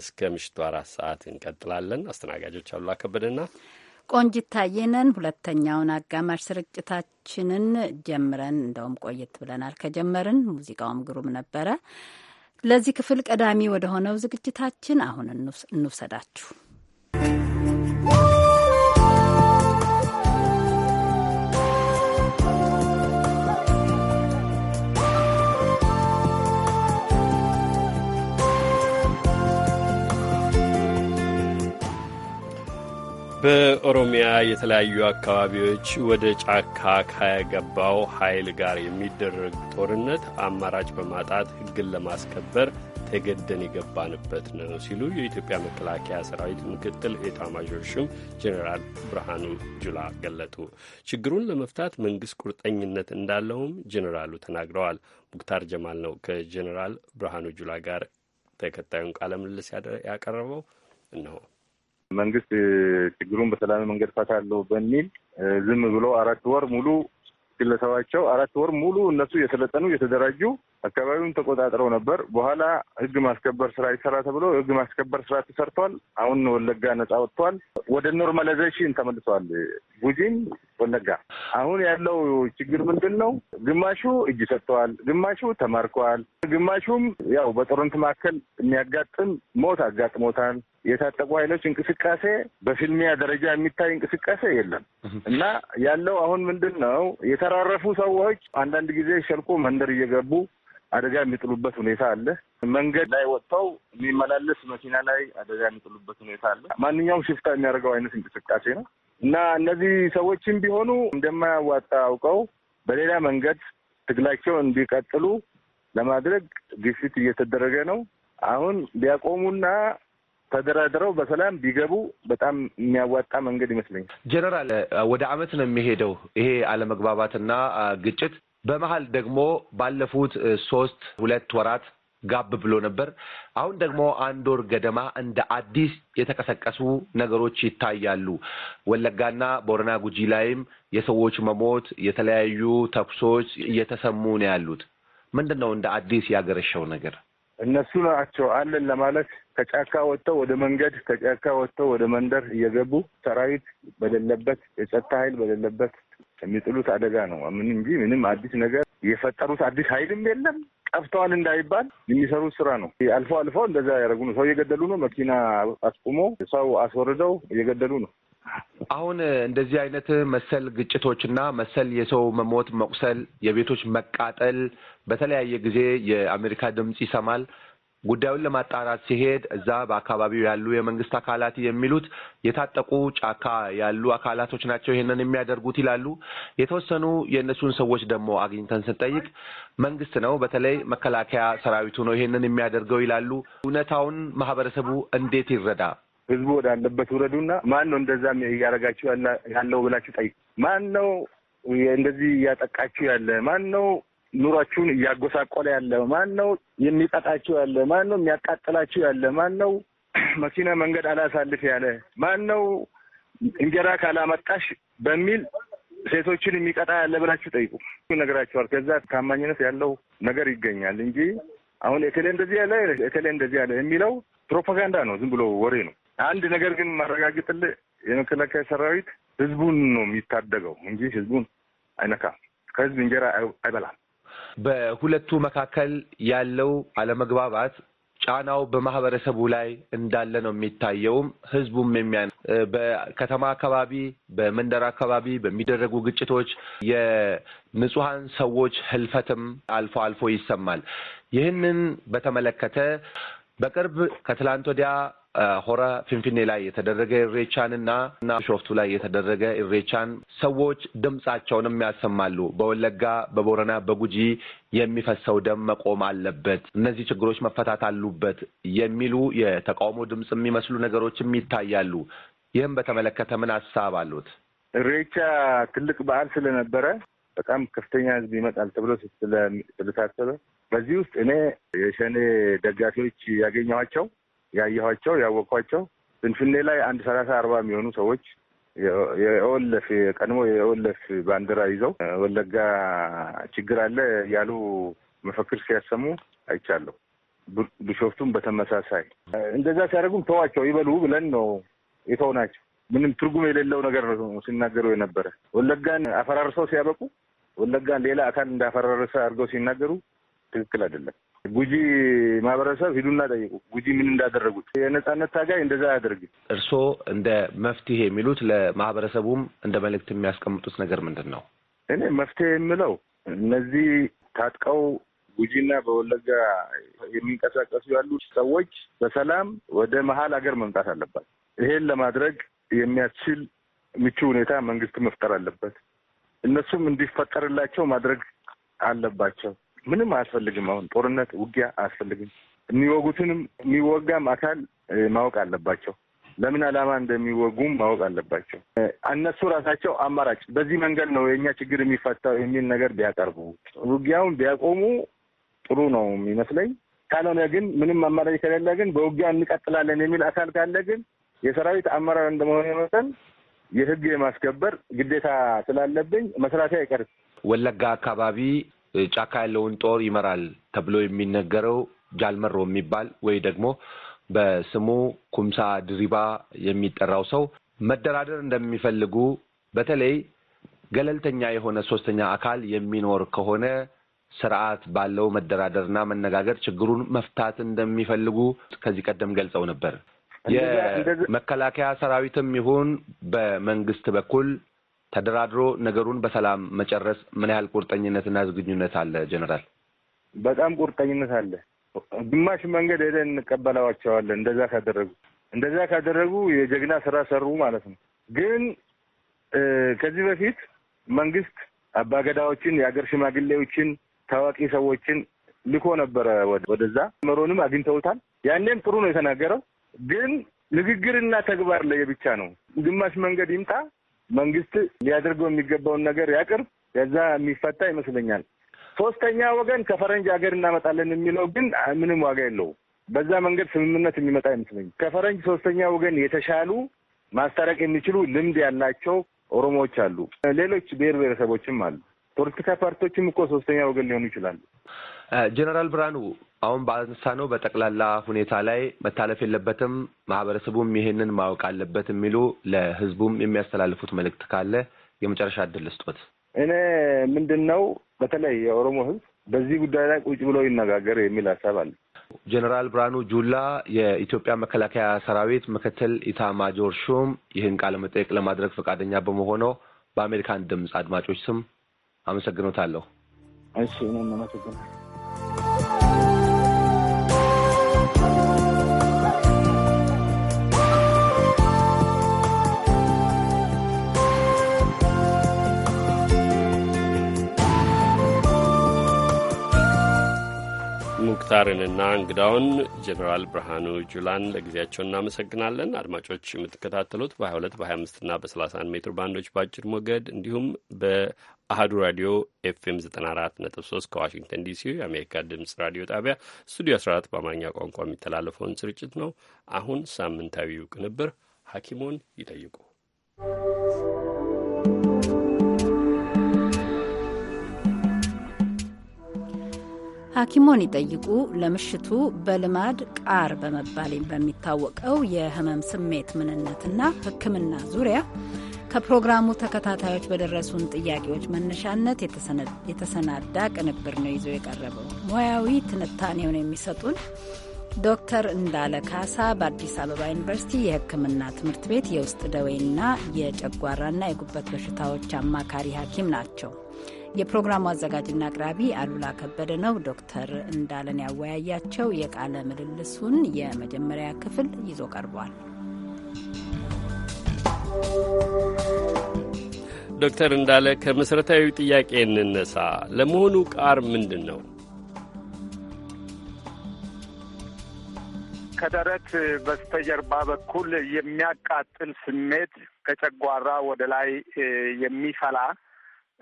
እስከ ምሽቱ አራት ሰዓት እንቀጥላለን። አስተናጋጆች አሉላ ከበደና ቆንጂት ታየነን። ሁለተኛውን አጋማሽ ስርጭታችንን ጀምረን እንደውም ቆየት ብለናል ከጀመርን ሙዚቃውም ግሩም ነበረ። ለዚህ ክፍል ቀዳሚ ወደ ሆነው ዝግጅታችን አሁን እንውሰዳችሁ። በኦሮሚያ የተለያዩ አካባቢዎች ወደ ጫካ ከገባው ኃይል ጋር የሚደረግ ጦርነት አማራጭ በማጣት ሕግን ለማስከበር ተገደን የገባንበት ነው ሲሉ የኢትዮጵያ መከላከያ ሰራዊት ምክትል ኤታማዦር ሹም ጄኔራል ብርሃኑ ጁላ ገለጡ። ችግሩን ለመፍታት መንግስት ቁርጠኝነት እንዳለውም ጄኔራሉ ተናግረዋል። ሙክታር ጀማል ነው ከጄኔራል ብርሃኑ ጁላ ጋር ተከታዩን ቃለ ምልልስ ያቀረበው እነሆ። መንግስት ችግሩን በሰላም መንገድ ፈታለሁ በሚል ዝም ብሎ አራት ወር ሙሉ ግለሰባቸው አራት ወር ሙሉ እነሱ እየሰለጠኑ እየተደራጁ አካባቢውን ተቆጣጥረው ነበር። በኋላ ህግ ማስከበር ስራ ይሰራ ተብሎ ህግ ማስከበር ስራ ተሰርቷል። አሁን ወለጋ ነጻ ወጥቷል። ወደ ኖርማላይዜሽን ተመልሰዋል። ጉጂም ወለጋ አሁን ያለው ችግር ምንድን ነው? ግማሹ እጅ ሰጥተዋል፣ ግማሹ ተማርከዋል፣ ግማሹም ያው በጦርነት መካከል የሚያጋጥም ሞት አጋጥሞታል። የታጠቁ ኃይሎች እንቅስቃሴ በፊልሚያ ደረጃ የሚታይ እንቅስቃሴ የለም እና ያለው አሁን ምንድን ነው የተራረፉ ሰዎች አንዳንድ ጊዜ ሸልቆ መንደር እየገቡ አደጋ የሚጥሉበት ሁኔታ አለ። መንገድ ላይ ወጥተው የሚመላለስ መኪና ላይ አደጋ የሚጥሉበት ሁኔታ አለ። ማንኛውም ሽፍታ የሚያደርገው አይነት እንቅስቃሴ ነው እና እነዚህ ሰዎችም ቢሆኑ እንደማያዋጣ አውቀው በሌላ መንገድ ትግላቸው እንዲቀጥሉ ለማድረግ ግፊት እየተደረገ ነው። አሁን ቢያቆሙና ተደራድረው በሰላም ቢገቡ በጣም የሚያዋጣ መንገድ ይመስለኛል። ጀነራል፣ ወደ አመት ነው የሚሄደው ይሄ አለመግባባትና ግጭት በመሀል ደግሞ ባለፉት ሶስት ሁለት ወራት ጋብ ብሎ ነበር። አሁን ደግሞ አንድ ወር ገደማ እንደ አዲስ የተቀሰቀሱ ነገሮች ይታያሉ። ወለጋና ቦረና ጉጂ ላይም የሰዎች መሞት፣ የተለያዩ ተኩሶች እየተሰሙ ነው ያሉት። ምንድን ነው እንደ አዲስ ያገረሸው ነገር? እነሱ ናቸው አለን ለማለት ከጫካ ወጥተው ወደ መንገድ ከጫካ ወጥተው ወደ መንደር እየገቡ ሰራዊት በሌለበት የጸጥታ ኃይል በሌለበት የሚጥሉት አደጋ ነው። ምን እንጂ ምንም አዲስ ነገር የፈጠሩት አዲስ ኃይልም የለም። ጠፍተዋል እንዳይባል የሚሰሩት ስራ ነው። አልፎ አልፎ እንደዛ ያደረጉ ነው። ሰው እየገደሉ ነው። መኪና አስቁሞ ሰው አስወርደው እየገደሉ ነው። አሁን እንደዚህ አይነት መሰል ግጭቶች መሰል የሰው መሞት፣ መቁሰል፣ የቤቶች መቃጠል በተለያየ ጊዜ የአሜሪካ ድምፅ ይሰማል። ጉዳዩን ለማጣራት ሲሄድ እዛ በአካባቢው ያሉ የመንግስት አካላት የሚሉት የታጠቁ ጫካ ያሉ አካላቶች ናቸው ይሄንን የሚያደርጉት ይላሉ። የተወሰኑ የእነሱን ሰዎች ደግሞ አግኝተን ስንጠይቅ መንግስት ነው፣ በተለይ መከላከያ ሰራዊቱ ነው ይሄንን የሚያደርገው ይላሉ። እውነታውን ማህበረሰቡ እንዴት ይረዳ? ህዝቡ ወዳለበት ውረዱና ማን ነው እንደዛ እያደረጋችሁ ያለው ብላችሁ ጠይቁ። ማን ነው እንደዚህ እያጠቃችሁ ያለ? ማን ነው ኑሯችሁን እያጎሳቆለ ያለ ማን ነው? የሚቀጣችሁ ያለ ማን ነው? የሚያቃጥላችሁ ያለ ማን ነው? [clears throat] መኪና መንገድ አላሳልፍ ያለ ማን ነው? እንጀራ ካላመጣሽ በሚል ሴቶችን የሚቀጣ ያለ ብላችሁ ጠይቁ፣ ይነግራችኋል። ከዛ ታማኝነት ያለው ነገር ይገኛል እንጂ አሁን እከሌ እንደዚህ ያለ እከሌ እንደዚህ ያለ የሚለው ፕሮፓጋንዳ ነው፣ ዝም ብሎ ወሬ ነው። አንድ ነገር ግን ማረጋግጥል የመከላከያ ሰራዊት ህዝቡን ነው የሚታደገው እንጂ ህዝቡን አይነካም። ከህዝብ እንጀራ አይበላም። በሁለቱ መካከል ያለው አለመግባባት ጫናው በማህበረሰቡ ላይ እንዳለ ነው የሚታየውም። ህዝቡም የሚያ በከተማ አካባቢ፣ በመንደር አካባቢ በሚደረጉ ግጭቶች የንጹሐን ሰዎች ህልፈትም አልፎ አልፎ ይሰማል። ይህንን በተመለከተ በቅርብ ከትላንት ወዲያ ሆራ ፊንፊኔ ላይ የተደረገ እሬቻንና እና ሾፍቱ ላይ የተደረገ እሬቻን ሰዎች ድምጻቸውንም ያሰማሉ። በወለጋ በቦረና በጉጂ የሚፈሰው ደም መቆም አለበት፣ እነዚህ ችግሮች መፈታት አሉበት የሚሉ የተቃውሞ ድምፅ የሚመስሉ ነገሮችም ይታያሉ። ይህም በተመለከተ ምን ሀሳብ አሉት? እሬቻ ትልቅ በዓል ስለነበረ በጣም ከፍተኛ ህዝብ ይመጣል ተብሎ ስለታሰበ በዚህ ውስጥ እኔ የሸኔ ደጋፊዎች ያገኘኋቸው ያየኋቸው ያወቅኳቸው ፍንፍኔ ላይ አንድ ሰላሳ አርባ የሚሆኑ ሰዎች የኦለፍ ቀድሞ የኦለፍ ባንዲራ ይዘው ወለጋ ችግር አለ ያሉ መፈክር ሲያሰሙ አይቻለሁ። ቢሾፍቱም በተመሳሳይ እንደዛ ሲያደርጉም ተዋቸው ይበሉ ብለን ነው የተው ናቸው። ምንም ትርጉም የሌለው ነገር ነው ሲናገሩ የነበረ። ወለጋን አፈራርሰው ሲያበቁ ወለጋን ሌላ አካል እንዳፈራረሰ አድርገው ሲናገሩ ትክክል አይደለም። ጉጂ ማህበረሰብ ሂዱና ጠይቁ። ጉጂ ምን እንዳደረጉት የነጻነት ታጋይ እንደዛ አያደርግም። እርስዎ እንደ መፍትሄ የሚሉት ለማህበረሰቡም እንደ መልእክት የሚያስቀምጡት ነገር ምንድን ነው? እኔ መፍትሄ የምለው እነዚህ ታጥቀው ጉጂና በወለጋ የሚንቀሳቀሱ ያሉ ሰዎች በሰላም ወደ መሀል ሀገር መምጣት አለባት። ይሄን ለማድረግ የሚያስችል ምቹ ሁኔታ መንግስት መፍጠር አለበት። እነሱም እንዲፈጠርላቸው ማድረግ አለባቸው። ምንም አያስፈልግም። አሁን ጦርነት፣ ውጊያ አያስፈልግም። የሚወጉትንም የሚወጋም አካል ማወቅ አለባቸው። ለምን ዓላማ እንደሚወጉም ማወቅ አለባቸው። እነሱ ራሳቸው አማራጭ በዚህ መንገድ ነው የእኛ ችግር የሚፈታው የሚል ነገር ቢያቀርቡ ውጊያውን ቢያቆሙ ጥሩ ነው የሚመስለኝ። ካልሆነ ግን ምንም አማራጭ ከሌለ ግን በውጊያ እንቀጥላለን የሚል አካል ካለ ግን የሰራዊት አመራር እንደመሆነ መጠን የህግ የማስከበር ግዴታ ስላለብኝ መስራቴ አይቀርም። ወለጋ አካባቢ ጫካ ያለውን ጦር ይመራል ተብሎ የሚነገረው ጃልመሮ የሚባል ወይ ደግሞ በስሙ ኩምሳ ድሪባ የሚጠራው ሰው መደራደር እንደሚፈልጉ በተለይ ገለልተኛ የሆነ ሶስተኛ አካል የሚኖር ከሆነ ስርዓት ባለው መደራደርና መነጋገር ችግሩን መፍታት እንደሚፈልጉ ከዚህ ቀደም ገልጸው ነበር። የመከላከያ ሰራዊትም ይሁን በመንግስት በኩል ተደራድሮ ነገሩን በሰላም መጨረስ ምን ያህል ቁርጠኝነትና ዝግኙነት አለ ጀነራል? በጣም ቁርጠኝነት አለ። ግማሽ መንገድ ሄደን እንቀበላቸዋለን። እንደዛ ካደረጉ እንደዛ ካደረጉ የጀግና ስራ ሰሩ ማለት ነው። ግን ከዚህ በፊት መንግስት አባገዳዎችን፣ የአገር ሽማግሌዎችን፣ ታዋቂ ሰዎችን ልኮ ነበረ ወደዛ። መሮንም አግኝተውታል። ያኔም ጥሩ ነው የተናገረው። ግን ንግግርና ተግባር ለየብቻ ነው። ግማሽ መንገድ ይምጣ መንግስት ሊያደርገው የሚገባውን ነገር ያቅርብ። ከዛ የሚፈታ ይመስለኛል። ሶስተኛ ወገን ከፈረንጅ ሀገር እናመጣለን የሚለው ግን ምንም ዋጋ የለውም። በዛ መንገድ ስምምነት የሚመጣ አይመስለኝም። ከፈረንጅ ሶስተኛ ወገን የተሻሉ ማስታረቅ የሚችሉ ልምድ ያላቸው ኦሮሞዎች አሉ። ሌሎች ብሔር ብሔረሰቦችም አሉ። ፖለቲካ ፓርቲዎችም እኮ ሶስተኛ ወገን ሊሆኑ ይችላሉ። ጀነራል ብርሃኑ አሁን ነው በጠቅላላ ሁኔታ ላይ መታለፍ የለበትም፣ ማህበረሰቡም ይሄንን ማወቅ አለበት የሚሉ ለህዝቡም የሚያስተላልፉት መልእክት ካለ የመጨረሻ እድል ስጦት እኔ ምንድን ነው በተለይ የኦሮሞ ህዝብ በዚህ ጉዳይ ላይ ቁጭ ብሎ ይነጋገር የሚል ሀሳብ አለ። ጀኔራል ብርሃኑ ጁላ የኢትዮጵያ መከላከያ ሰራዊት ምክትል ኢታማጆር ሹም ይህን ቃለ መጠየቅ ለማድረግ ፈቃደኛ በመሆነው በአሜሪካን ድምፅ አድማጮች ስም አመሰግኖታለሁ። እሺ እኔም አመሰግናለሁ። ሙክታርንና እንግዳውን ጀኔራል ብርሃኑ ጁላን ለጊዜያቸው እናመሰግናለን። አድማጮች የምትከታተሉት በ22 በ25ና በ31 ሜትር ባንዶች በአጭር ሞገድ እንዲሁም በአህዱ ራዲዮ ኤፍኤም 94.3 ከዋሽንግተን ዲሲ የአሜሪካ ድምፅ ራዲዮ ጣቢያ ስቱዲዮ 14 በአማርኛ ቋንቋ የሚተላለፈውን ስርጭት ነው። አሁን ሳምንታዊው ቅንብር ሐኪሞን ይጠይቁ ሐኪሞን ይጠይቁ ለምሽቱ በልማድ ቃር በመባል በሚታወቀው የህመም ስሜት ምንነትና ሕክምና ዙሪያ ከፕሮግራሙ ተከታታዮች በደረሱን ጥያቄዎች መነሻነት የተሰናዳ ቅንብር ነው ይዞ የቀረበው። ሙያዊ ትንታኔውን የሚሰጡን ዶክተር እንዳለ ካሳ በአዲስ አበባ ዩኒቨርሲቲ የሕክምና ትምህርት ቤት የውስጥ ደዌና የጨጓራና የጉበት በሽታዎች አማካሪ ሐኪም ናቸው። የፕሮግራሙ አዘጋጅና አቅራቢ አሉላ ከበደ ነው። ዶክተር እንዳለን ያወያያቸው የቃለ ምልልሱን የመጀመሪያ ክፍል ይዞ ቀርቧል። ዶክተር እንዳለ ከመሠረታዊ ጥያቄ እንነሳ። ለመሆኑ ቃር ምንድን ነው? ከደረት በስተጀርባ በኩል የሚያቃጥል ስሜት ከጨጓራ ወደ ላይ የሚፈላ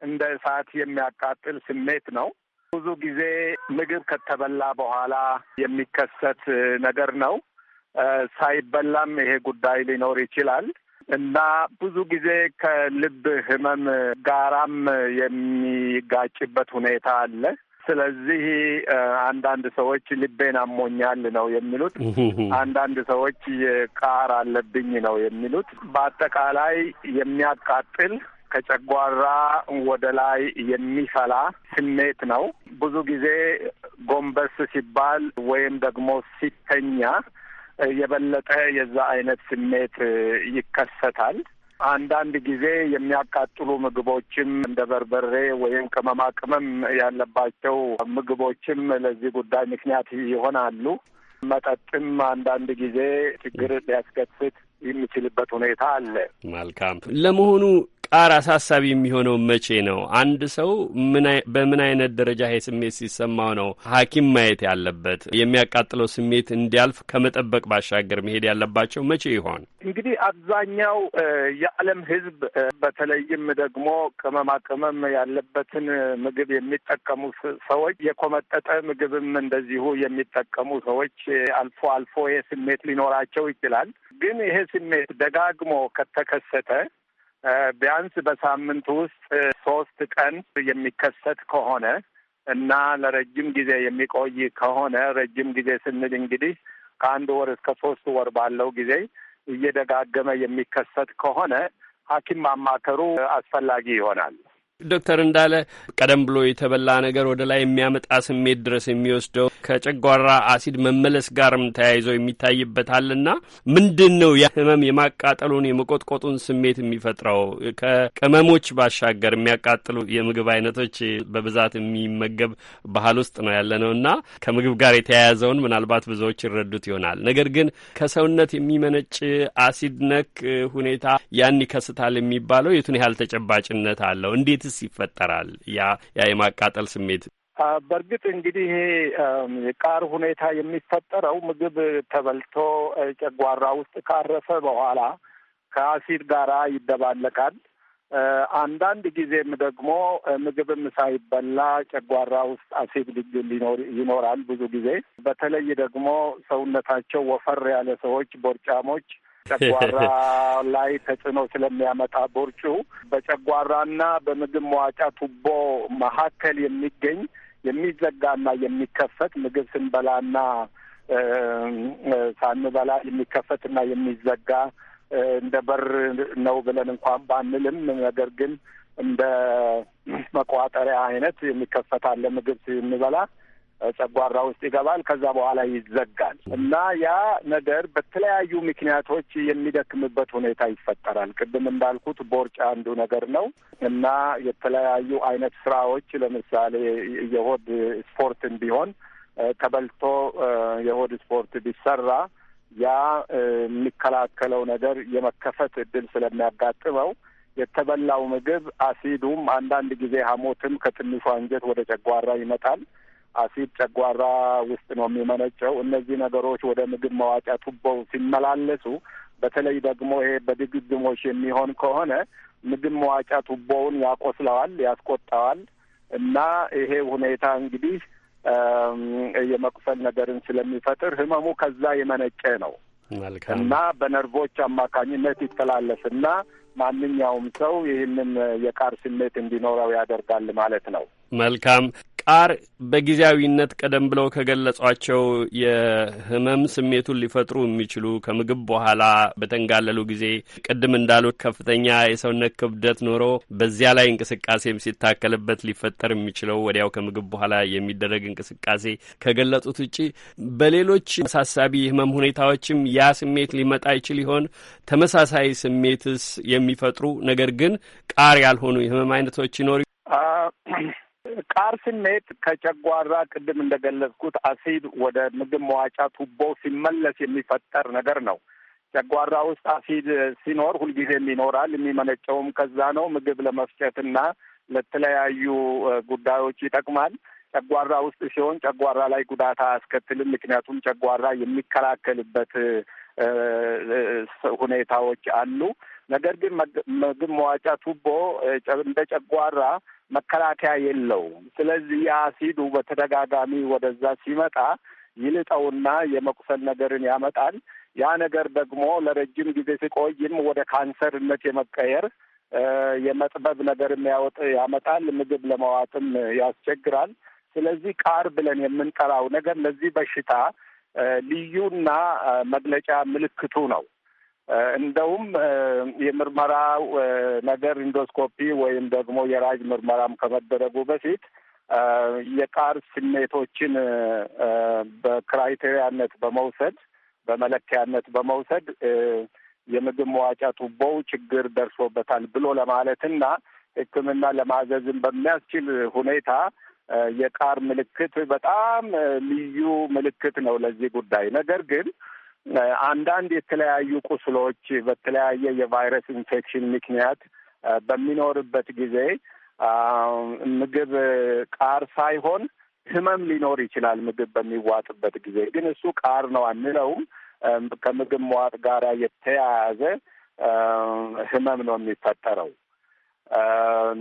እንደ እሳት የሚያቃጥል ስሜት ነው። ብዙ ጊዜ ምግብ ከተበላ በኋላ የሚከሰት ነገር ነው። ሳይበላም ይሄ ጉዳይ ሊኖር ይችላል እና ብዙ ጊዜ ከልብ ሕመም ጋራም የሚጋጭበት ሁኔታ አለ። ስለዚህ አንዳንድ ሰዎች ልቤን አሞኛል ነው የሚሉት። አንዳንድ ሰዎች የቃር አለብኝ ነው የሚሉት። በአጠቃላይ የሚያቃጥል ከጨጓራ ወደ ላይ የሚፈላ ስሜት ነው። ብዙ ጊዜ ጎንበስ ሲባል ወይም ደግሞ ሲተኛ የበለጠ የዛ አይነት ስሜት ይከሰታል። አንዳንድ ጊዜ የሚያቃጥሉ ምግቦችም እንደ በርበሬ ወይም ቅመማ ቅመም ያለባቸው ምግቦችም ለዚህ ጉዳይ ምክንያት ይሆናሉ። መጠጥም አንዳንድ ጊዜ ችግር ሊያስከትት የሚችልበት ሁኔታ አለ። መልካም። ለመሆኑ ቃር አሳሳቢ የሚሆነው መቼ ነው? አንድ ሰው በምን አይነት ደረጃ ይሄ ስሜት ሲሰማው ነው ሐኪም ማየት ያለበት? የሚያቃጥለው ስሜት እንዲያልፍ ከመጠበቅ ባሻገር መሄድ ያለባቸው መቼ ይሆን? እንግዲህ አብዛኛው የዓለም ሕዝብ በተለይም ደግሞ ቅመማ ቅመም ያለበትን ምግብ የሚጠቀሙ ሰዎች፣ የኮመጠጠ ምግብም እንደዚሁ የሚጠቀሙ ሰዎች አልፎ አልፎ ይሄ ስሜት ሊኖራቸው ይችላል። ግን ይሄ ስሜት ደጋግሞ ከተከሰተ ቢያንስ በሳምንት ውስጥ ሶስት ቀን የሚከሰት ከሆነ እና ለረጅም ጊዜ የሚቆይ ከሆነ ረጅም ጊዜ ስንል እንግዲህ ከአንድ ወር እስከ ሶስት ወር ባለው ጊዜ እየደጋገመ የሚከሰት ከሆነ ሐኪም ማማከሩ አስፈላጊ ይሆናል። ዶክተር እንዳለ ቀደም ብሎ የተበላ ነገር ወደ ላይ የሚያመጣ ስሜት ድረስ የሚወስደው ከጨጓራ አሲድ መመለስ ጋርም ተያይዞ የሚታይበታልና ምንድን ነው ያ ህመም የማቃጠሉን የመቆጥቆጡን ስሜት የሚፈጥረው? ከቅመሞች ባሻገር የሚያቃጥሉ የምግብ አይነቶች በብዛት የሚመገብ ባህል ውስጥ ነው ያለ ነው እና ከምግብ ጋር የተያያዘውን ምናልባት ብዙዎች ይረዱት ይሆናል። ነገር ግን ከሰውነት የሚመነጭ አሲድ ነክ ሁኔታ ያን ይከስታል የሚባለው የቱን ያህል ተጨባጭነት አለው? እንዴት እንዴትስ ይፈጠራል ያ ያ የማቃጠል ስሜት? በእርግጥ እንግዲህ ይሄ የቃር ሁኔታ የሚፈጠረው ምግብ ተበልቶ ጨጓራ ውስጥ ካረፈ በኋላ ከአሲድ ጋራ ይደባለቃል። አንዳንድ ጊዜም ደግሞ ምግብም ሳይበላ ጨጓራ ውስጥ አሲድ ሊኖር ይኖራል። ብዙ ጊዜ በተለይ ደግሞ ሰውነታቸው ወፈር ያለ ሰዎች፣ ቦርጫሞች ጨጓራ [laughs] ላይ ተጽዕኖ ስለሚያመጣ ቦርጩ በጨጓራና በምግብ መዋጫ ቱቦ መካከል የሚገኝ የሚዘጋና የሚከፈት ምግብ ስንበላና ሳንበላ የሚከፈትና የሚዘጋ እንደ በር ነው ብለን እንኳን ባንልም ነገር ግን እንደ መቋጠሪያ አይነት የሚከፈታለ ምግብ ስንበላ ጨጓራ ውስጥ ይገባል። ከዛ በኋላ ይዘጋል እና ያ ነገር በተለያዩ ምክንያቶች የሚደክምበት ሁኔታ ይፈጠራል። ቅድም እንዳልኩት ቦርጫ አንዱ ነገር ነው እና የተለያዩ አይነት ስራዎች ለምሳሌ የሆድ ስፖርትን ቢሆን ተበልቶ የሆድ ስፖርት ቢሰራ ያ የሚከላከለው ነገር የመከፈት እድል ስለሚያጋጥመው የተበላው ምግብ አሲዱም አንዳንድ ጊዜ ሀሞትም ከትንሹ አንጀት ወደ ጨጓራ ይመጣል። አሲድ ጨጓራ ውስጥ ነው የሚመነጨው። እነዚህ ነገሮች ወደ ምግብ መዋጫ ቱቦው ሲመላለሱ በተለይ ደግሞ ይሄ በድግግሞሽ የሚሆን ከሆነ ምግብ መዋጫ ቱቦውን ያቆስለዋል፣ ያስቆጣዋል እና ይሄ ሁኔታ እንግዲህ የመቁሰል ነገርን ስለሚፈጥር ህመሙ ከዛ የመነጨ ነው እና በነርቮች አማካኝነት ይተላለፍና ማንኛውም ሰው ይህንን የቃር ስሜት እንዲኖረው ያደርጋል ማለት ነው። መልካም ቃር በጊዜያዊነት ቀደም ብለው ከገለጿቸው የህመም ስሜቱን ሊፈጥሩ የሚችሉ ከምግብ በኋላ በተንጋለሉ ጊዜ ቅድም እንዳሉት ከፍተኛ የሰውነት ክብደት ኖሮ በዚያ ላይ እንቅስቃሴም ሲታከልበት ሊፈጠር የሚችለው ወዲያው ከምግብ በኋላ የሚደረግ እንቅስቃሴ ከገለጹት ውጪ በሌሎች አሳሳቢ ህመም ሁኔታዎችም ያ ስሜት ሊመጣ ይችል ይሆን? ተመሳሳይ ስሜትስ የሚፈጥሩ ነገር ግን ቃር ያልሆኑ የህመም አይነቶች ይኖሩ? ቃር ስንሄድ ከጨጓራ ቅድም እንደገለጽኩት አሲድ ወደ ምግብ መዋጫ ቱቦ ሲመለስ የሚፈጠር ነገር ነው። ጨጓራ ውስጥ አሲድ ሲኖር ሁልጊዜም ይኖራል። የሚመነጨውም ከዛ ነው። ምግብ ለመፍጨትና ለተለያዩ ጉዳዮች ይጠቅማል። ጨጓራ ውስጥ ሲሆን ጨጓራ ላይ ጉዳት አያስከትልም። ምክንያቱም ጨጓራ የሚከላከልበት ሁኔታዎች አሉ። ነገር ግን ምግብ መዋጫ ቱቦ እንደ ጨጓራ መከላከያ የለው ስለዚህ የአሲዱ በተደጋጋሚ ወደዛ ሲመጣ ይልጠውና የመቁሰል ነገርን ያመጣል። ያ ነገር ደግሞ ለረጅም ጊዜ ሲቆይም ወደ ካንሰርነት የመቀየር የመጥበብ ነገርም ያወጥ ያመጣል። ምግብ ለመዋጥም ያስቸግራል። ስለዚህ ቃር ብለን የምንጠራው ነገር ለዚህ በሽታ ልዩና መግለጫ ምልክቱ ነው። እንደውም የምርመራው ነገር ኢንዶስኮፒ ወይም ደግሞ የራጅ ምርመራም ከመደረጉ በፊት የቃር ስሜቶችን በክራይቴሪያነት በመውሰድ በመለኪያነት በመውሰድ የምግብ መዋጫ ቱቦው ችግር ደርሶበታል ብሎ ለማለትና ሕክምና ለማዘዝን በሚያስችል ሁኔታ የቃር ምልክት በጣም ልዩ ምልክት ነው ለዚህ ጉዳይ። ነገር ግን አንዳንድ የተለያዩ ቁስሎች በተለያየ የቫይረስ ኢንፌክሽን ምክንያት በሚኖርበት ጊዜ ምግብ ቃር ሳይሆን ህመም ሊኖር ይችላል። ምግብ በሚዋጥበት ጊዜ ግን እሱ ቃር ነው አንለውም። ከምግብ መዋጥ ጋር የተያያዘ ህመም ነው የሚፈጠረው።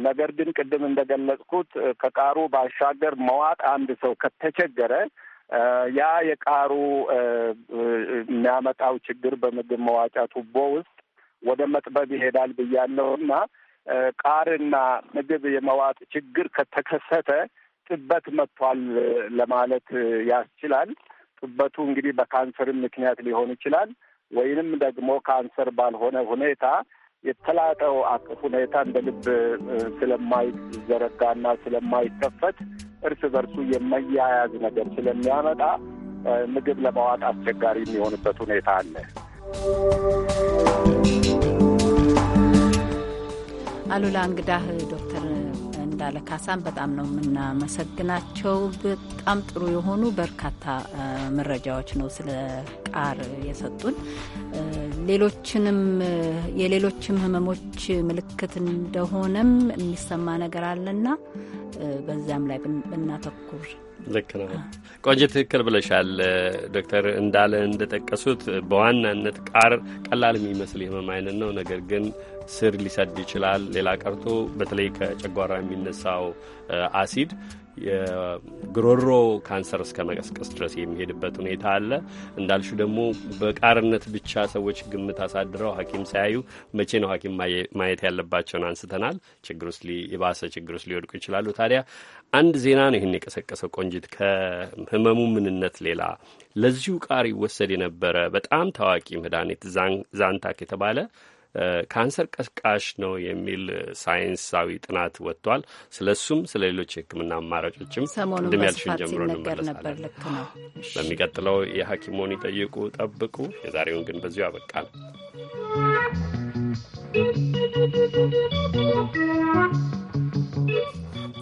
ነገር ግን ቅድም እንደገለጽኩት ከቃሩ ባሻገር መዋጥ አንድ ሰው ከተቸገረ ያ የቃሩ የሚያመጣው ችግር በምግብ መዋጫ ቱቦ ውስጥ ወደ መጥበብ ይሄዳል ብያለሁ እና ቃርና ምግብ የመዋጥ ችግር ከተከሰተ ጥበት መጥቷል ለማለት ያስችላል። ጥበቱ እንግዲህ በካንሰርም ምክንያት ሊሆን ይችላል ወይንም ደግሞ ካንሰር ባልሆነ ሁኔታ የተላጠው አቅፍ ሁኔታ እንደ ልብ ስለማይዘረጋና ስለማይከፈት እርስ በርሱ የመያያዝ ነገር ስለሚያመጣ ምግብ ለማዋጥ አስቸጋሪ የሚሆንበት ሁኔታ አለ። አሉላ እንግዳህ ዶክተር እንዳለ ካሳን በጣም ነው የምናመሰግናቸው። በጣም ጥሩ የሆኑ በርካታ መረጃዎች ነው ስለ ቃር የሰጡን። ሌሎችንም የሌሎችም ህመሞች ምልክት እንደሆነም የሚሰማ ነገር አለና በዛም ላይ ብናተኩር ልክ ነው። ቆንጆ ትክክል ብለሻል ዶክተር እንዳለ እንደጠቀሱት በዋናነት ቃር ቀላል የሚመስል የህመም አይነት ነው። ነገር ግን ስር ሊሰድ ይችላል። ሌላ ቀርቶ በተለይ ከጨጓራ የሚነሳው አሲድ የጉሮሮ ካንሰር እስከ መቀስቀስ ድረስ የሚሄድበት ሁኔታ አለ። እንዳልሹ ደግሞ በቃርነት ብቻ ሰዎች ግምት አሳድረው ሐኪም ሳያዩ መቼ ነው ሐኪም ማየት ያለባቸውን አንስተናል። ችግር ውስጥ የባሰ ችግር ውስጥ ሊወድቁ ይችላሉ። ታዲያ አንድ ዜና ነው ይህን የቀሰቀሰው ቆንጂት፣ ከህመሙ ምንነት ሌላ ለዚሁ ቃር ይወሰድ የነበረ በጣም ታዋቂ መድኃኒት ዛንታክ የተባለ ካንሰር ቀስቃሽ ነው የሚል ሳይንሳዊ ጥናት ወጥቷል። ስለ እሱም ስለ ሌሎች የሕክምና አማራጮችም ቅድም ያልሽን ጀምሮ እንመለሳለን። በሚቀጥለው የሐኪሞን ይጠይቁ ጠብቁ። የዛሬውን ግን በዚሁ አበቃ ነው።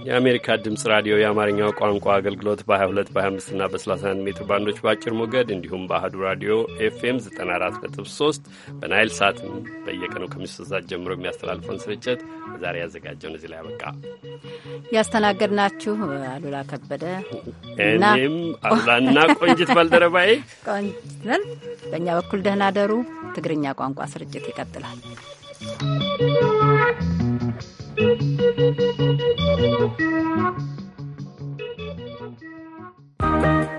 የአሜሪካ ድምፅ ራዲዮ የአማርኛው ቋንቋ አገልግሎት በ22 በ25 እና በ31 ሜትር ባንዶች በአጭር ሞገድ እንዲሁም በአህዱ ራዲዮ ኤፍኤም 94.3 በናይል ሳት በየቀኑ ከምሽቱ ሰዓት ጀምሮ የሚያስተላልፈውን ስርጭት ዛሬ ያዘጋጀውን እዚህ ላይ አበቃ። ያስተናገድናችሁ አሉላ ከበደ፣ እኔም አሉላና ቆንጅት ባልደረባዬ ቆንጅትን። በእኛ በኩል ደህና ደሩ። ትግርኛ ቋንቋ ስርጭት ይቀጥላል። Thank you. Thank you.